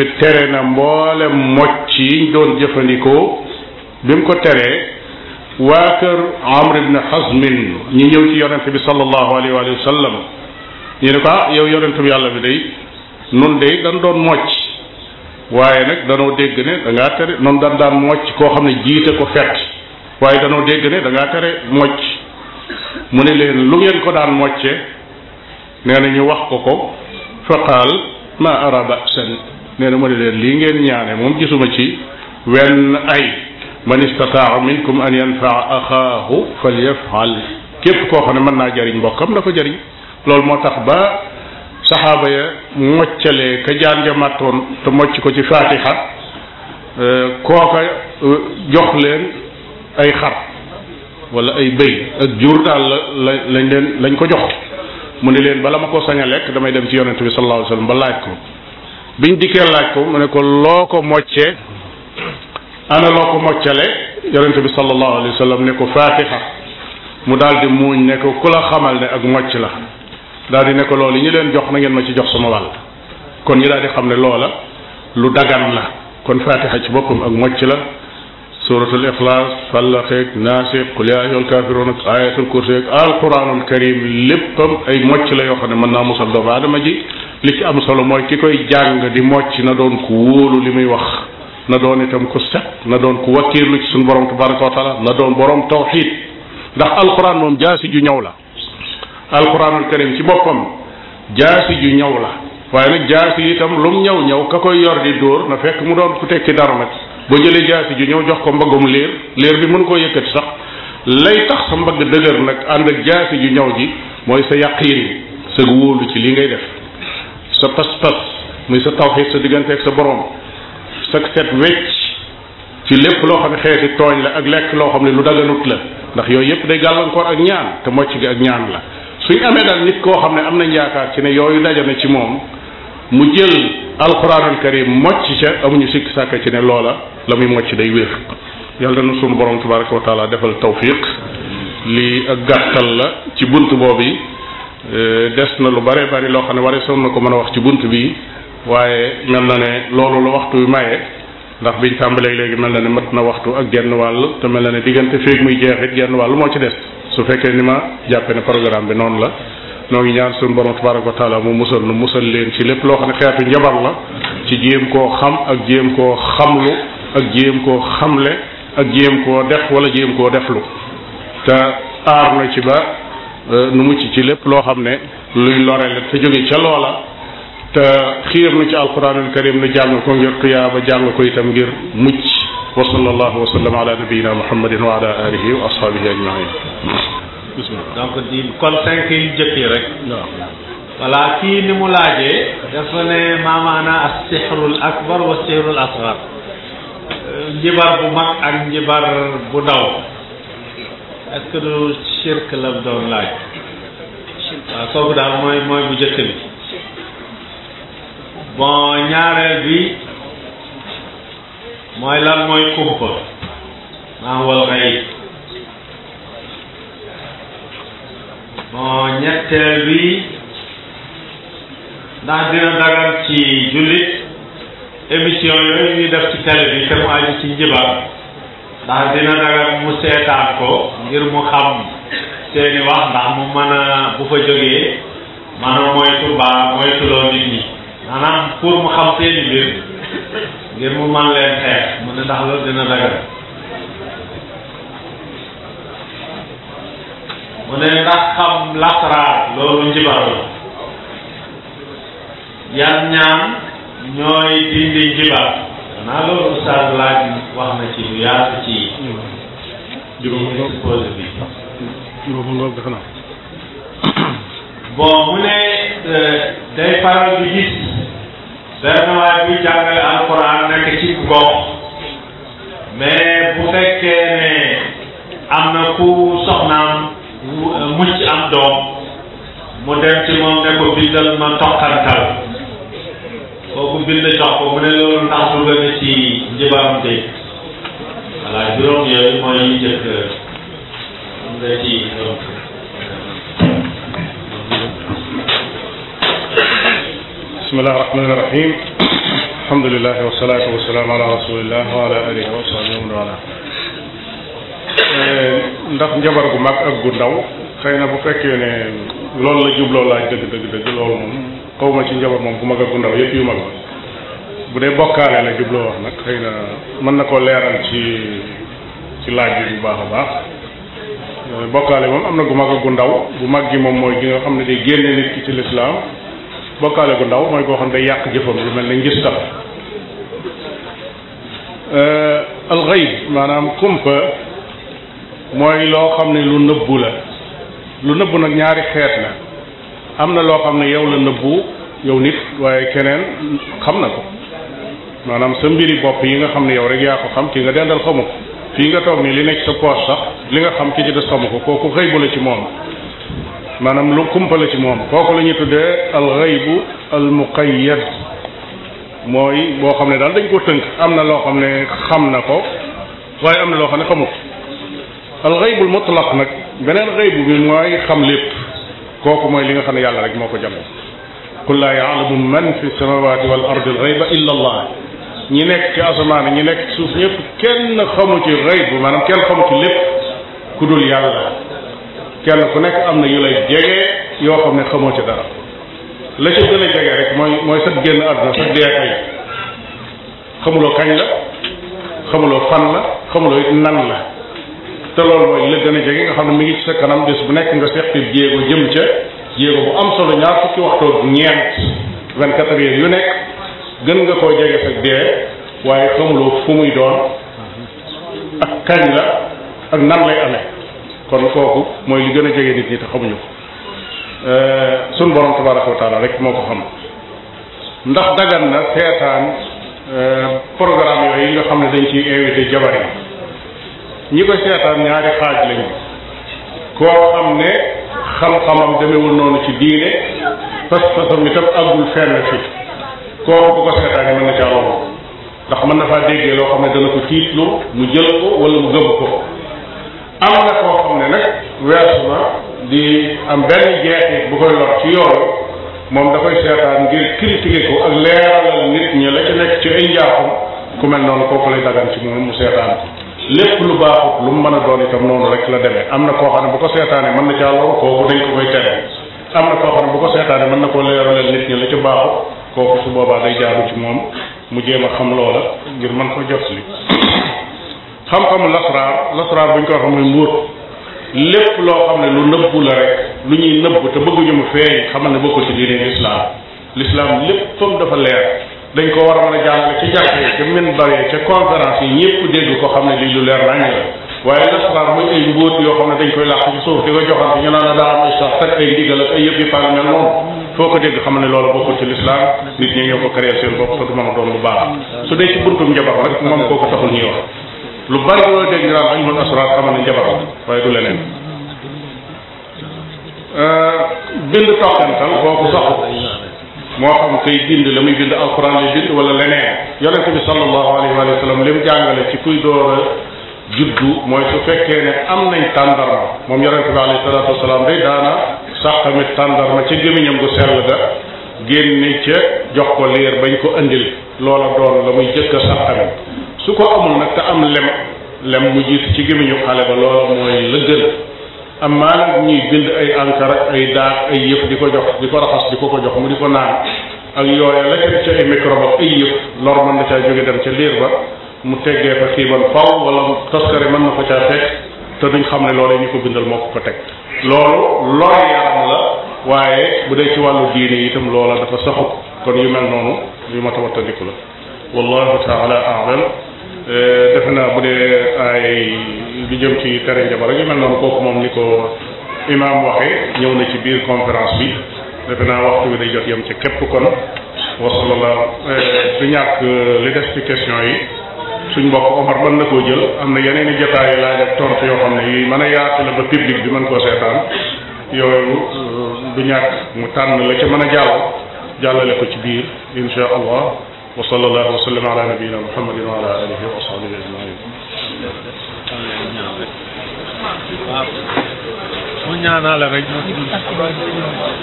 bi tere na mboole mocc yiñ doon jëfandikoo bi mu ko teree waa kër amr yi hazmin ñi ñëw ci bi sallallahu alayhi wa sallam ñu ne ko ah yow bi yàlla bi day nun de dan doon mocc waaye nag danoo dégg ne da ngaa tere nun dan daan mocc koo xam ne jiite ko fett waaye danoo dégg ne da ngaa tere mocc mu ne leen lu ngeen ko daan mocce nee na ñu wax ko ko fa qaal ma ara ba'san nee na mu ne leen lii ngeen ñaane moom gisuma ci wenn ay man istataa minkum an yanfaa axaahu falyafal képp koo xam ne mën naa jariñ mbokkam na ko jariñ loolu moo tax ba saxaaba ya moccalee ka jaan ja màttoon te mocc ko ci faatixa euh, kooka euh, jox leen ay xar wala ay bëy ak jur daal la lañ leen lañ ko jox mu ne leen bala ma ko sañ lekk damay dem ci yonente bi sallallahu alayhi wasallam ba laaj ko biñ dikkee laaj ko mu ne ko loo ko moccee ana loo ko moccale yonente bi sallallahu alayhi wasallam ne ko faatixa mu daal di muuñ ne ko ku la xamal ne ak mocc la daal di ne ko loolu yi ñu leen jox na ma ci jox sama wàll kon ñu daal di xam ne loola lu dagan la kon fatiha ci boppam ak mocc la suratul ixlaas fallaxeeg naasiq qul yaa ayyuhal kaafiruun ak ayatul kursi ak alquranul karim léppam ay mocc la yoo xam ne mën naa musal doomu aadama ji li ci am solo mooy ki koy jàng di mocc na doon ku wóolu li muy wax na doon itam ku set na doon ku wakkiirlu ci suñu borom tabaraka wa taala na doon borom tawxid ndax alquran moom jaasi ju ñëw la alquranul karim ci boppam jaasi ju ñaw la waaye nag jaasi itam lum ñaw ñaw ka koy yor di dóor na fekk mu doon ku tekki dara nag boo jëlee jaasi ju ñëw jox ko mbaggum léer léer bi mënu koo yëkkati sax lay tax sa mbagg dëgër nag ànd ak jaasi ju ñaw ji mooy sa yaqiin sa wóolu ci li ngay def sa pas-pas muy sa tawxiid sa diggante ak sa borom sa set wecc ci lépp loo xam ne xeeti tooñ la ak lekk loo xam ne lu daganut la ndax yooyu yëpp day gàllankoor ak ñaan mocc gi ak ñaan la suñ amee daal nit koo xam ne am nañ yaakaar ci ne yooyu daje na ci moom mu jël alquranul karim mocc ca amuñu sikki sàkka ci ne loola la muy mocc day wér yàlla na sunu borom tabaraka wa taala defal tawfiq lii ak la ci bunt boobu eh, des na lu bare bari loo xam ne waree soon na ko mën a wax ci bunt bi waaye mel na ne loolu la waxtu bi maye ndax biñ tàmbalee léegi mel na ne mat na waxtu ak genn wàll te mel na ne diggante feeg muy jeexit genn wàll moo ci des su fekkee ni ma jàppe ne programme bi noonu la noo ngi ñaan suñu borom tabaraka wa taala mu musal nu musal leen ci lépp loo xam ne xeetu njabar la ci jéem koo xam ak jéem koo xamlu ak jéem koo xamle ak jéem koo def wala jéem koo deflu te aar na ci ba e, nu mucc ci lépp loo xam ne luy lore la te jóge ca loola te xiir nu ci alquranul karim nu jàng ko ngir tuyaaba jàng ko itam ngir mucc wa sallallahu wa sallam ala nabiyina muhammadin wa ala alihi wa ashabihi ajmain bismillah donc di kon cinq yu jëkk yi rek waaw voilà kii ni mu laajee dafa ne maamaana as-sihrul akbar wa sihrul asghar euh, njibar bu mag ak njibar bu ndaw est-ce que du shirk la doon laaj waaw kooku daal mooy mooy bu jëkk bi bon ñaareel bi mooy lan mooy kumpa maam wal xayb bon ñetteel bi ndax dina dagan ci jullit émission yooyu ñuy def ci télé bi te mu aju ci njibar ndax dina dagan mu seetaan ko ngir mu xam seeni wax ndax mu mën a bu fa jógee mën a moytu baa moytuloo nit ñi maanaam pour mu xam seeni mbir ngir mu man leen xeex mu ne ndax loolu dina dagal mu ne ndax xam lasraar loolu njibar la yan ñaan ñooy dindi njibar xanaa loolu ustaas laaj wax na ci lu yaatu ci exposé bi bon mu ne euh, day faral di benn waay buy jàngale alxuraan nekk ci gox mais bu fekkee ne am na ku soxnaam mucc am doom mu dem ci moom ne ko bindal ma toqantal kooku bind jox ko mu ne loolu ndax lu gën ci njëbaam dégg voilà juróom yooyu mooy njëkk nga ci bismillahi rahmani rahim alhamdulilahi wasalaatu wasalaamu ala rasulillah eh, ndax njabar gu mag ak gu ndaw xëy na bu fekkee ne loolu la jubloo laaj dëgg dëgg dëgg loolu moom xaw ma ci njabar moom gu mag ak gu ndaw yëpp yu mag la bu dee bokkaale la jubloo wax nag xëy na mën na koo leeral ci ci laaj bi bu baax a baax eh, bokkaale moom am na gu mag ak gu ndaw bu mag gi moom mooy gi nga xam ne day génne nit ki ci lislaam bokkaale gu ndaw mooy koo xam day yàq jëfam lu mel ne ngis tal euh, alxayb maanaam kumpa mooy loo xam ne lu nëbbu la lu nëbbu nag ñaari xeet la am na loo xam ne yow la nëbbu yow nit waaye keneen xam na ko maanaam sa mbiri bopp yi nga xam ne yow rek yaa ko xam ki nga dendal xamu ko fii nga toog nii li nekk sa poos sax li nga xam ki ci des xamu ko kooku bu la ci moom maanaam lu kumpale ci moom kooku la ñuy tuddee alxaybu almuqayyad mooy boo xam ne daal dañ koo tënk am na loo xam ne xam na ko waaye am na loo xam ne xamut alxaybul mutlaq nag beneen xaybu bi mooy xam lépp kooku mooy li nga xam ne yàlla rek moo ko jàmm qul laa yaalamu man fi samawati wal ardi alxayba illa allah ñi nekk ci asamaan ñi nekk suuf ñëpp kenn xamu ci xaybu maanaam kenn xamu ci lépp ku dul yàlla kenn ku nekk am na yu lay jege yoo xam ne xamoo ci dara la ci gën a jege rek mooy mooy sa génn àdduna sa dee ay xamuloo kañ la xamuloo fan la xamuloo nan la te loolu mooy la gën a jege nga xam ne mu ngi ci sa kanam bés bu nekk nga seq jéego jëm ca jéego bu am solo ñaar fukki waxtoo ak ñeent vingt quatre heures yu nekk gën nga koo jege sa dee waaye xamuloo fu muy doon ak kañ la ak nan lay amee. kon kooku mooy li gën a jege nit ñi te xamuñu ko euh, sun borom tabaraka wa rek moo ko xam ndax dagan na seetaan euh, programme yooyu yi nga xam ne dañ ci invité jabar yi ñi koy seetaan ñaari xaaj lañu koo xam ne xam-xamam demewul noonu ci diine pas-pasam itam àggul fenn fi kooku bu ko seetaan mën na caa loolu ndax mën na faa déggee loo xam ne dana ko tiitlu mu jël ko wala mu gëm ko am na koo xam ne nag weesu na di am benn jeexit bu koy lor ci yoon moom da koy seetaan ngir critiquer ko ak leeralal nit ñi la ci nekk ci ay njaaxum ku mel noonu kooku lay dagan ci moom mu seetaan ko lépp lu baaxut lu mu mën a doon itam noonu rek la demee am na koo xam ne bu ko seetaanee mën na caa loru kooku dañ ko koy tere am na koo xam ne bu ko seetaanee mën na koo leeralal nit ñi la ci baaxut kooku su boobaa day jaaru ci moom mu jéem a xam loola ngir mën ko jot li xam-xamu lasraar lasraar bu ñu ko xam ne mbóot lépp loo xam ne lu nëbbu la rek lu ñuy nëbbu te bëgguñu mu feeñ xamal ne bokkul ci diine lislaam lislaam léppam dafa leer dañ ko war a mën a jàngale ci jàkkee ca min baree ca conférence yi ñëpp dégg ko xam ne lii lu leer nañ la waaye lasraar mooy ay mbóot yoo xam ne dañ koy làq ci suuf di ko joxante ñu naan daa am ay sax ak ay ndigal ak ay yëpp yu paal mel noonu foo ko dégg xam ne loolu bokkul ci lislaam nit ñi ñoo ko créé seen bopp te du mën a baax su dee ci buntum njabar rek moom lu bari loo dégg ñu naan ilmul asraar njabar la waaye du leneen euh, bind toqantal kooku soxla moo xam kay bind la muy bind alquran lay bind wala leneen yonent bi sallallahu alayhi wa li mu jàngale ci kuy door a juddu mooy su fekkee ne am nañ tàndarma moom yonent bi alayhi salaatu wasalaam day daana sàqamit tàndarma ca gémmiñam gu sell ga génne ca jox ko liir bañ ko andil loola doon la muy jëkk a su ko amul nag te am lem lem mu jiitu ci gémmiñu xale ba loolu mooy la gën amma nag ñuy bind ay ankara ay daag ay yëf di ko jox di ko raxas di ko ko jox mu di ko naan ak yooya la ca ay microbe ak ay yëf lor mën na caa jóge dem ca liir ba mu teggee fa xiibal faw wala toskare mën na ko caa fekk te duñ xam ne loolee ñu ko bindal moo ko ko teg loolu lor yaram la waaye bu dee ci wàllu diine itam loola dafa saxut kon yu mel noonu yu ma tawattandiku Euh, defe naa bu dee ay lu jëm ci tere njabar ak yu mel noonu kooku moom ni ko imaam waxee ñëw na ci biir conférence bi defe naa waxtu bi jot yem ci képp kon wasalallaa euh, du ñàkk euh, li des ci question yi suñ mbokk Omar mën na koo jël am na yeneen i jotaayu laaj ak tontu yoo xam ne yi mën a yaatu la ba public bi mën koo seetaan yooyu du ñàkk mu tànn la ci mën a jàll jàllale ko ci biir incha allah wa sallallahu wa sallam ala nabiyina muhammadin wa ala alihi wa ashabihi ajmain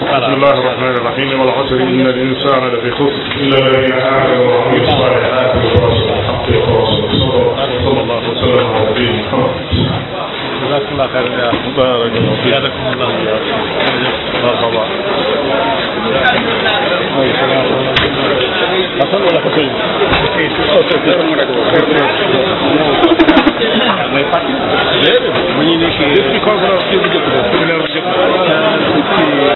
بسم الله الرحمن الرحيم والعصر إن الإنسان لفي خسر إلا الذين آمنوا وعملوا الصالحات وتواصوا بالحق وتواصوا بالصبر صلى الله وسلم على نبينا محمد jazakumullah xayran yaa jazakumullah xayran yaa jazakumullah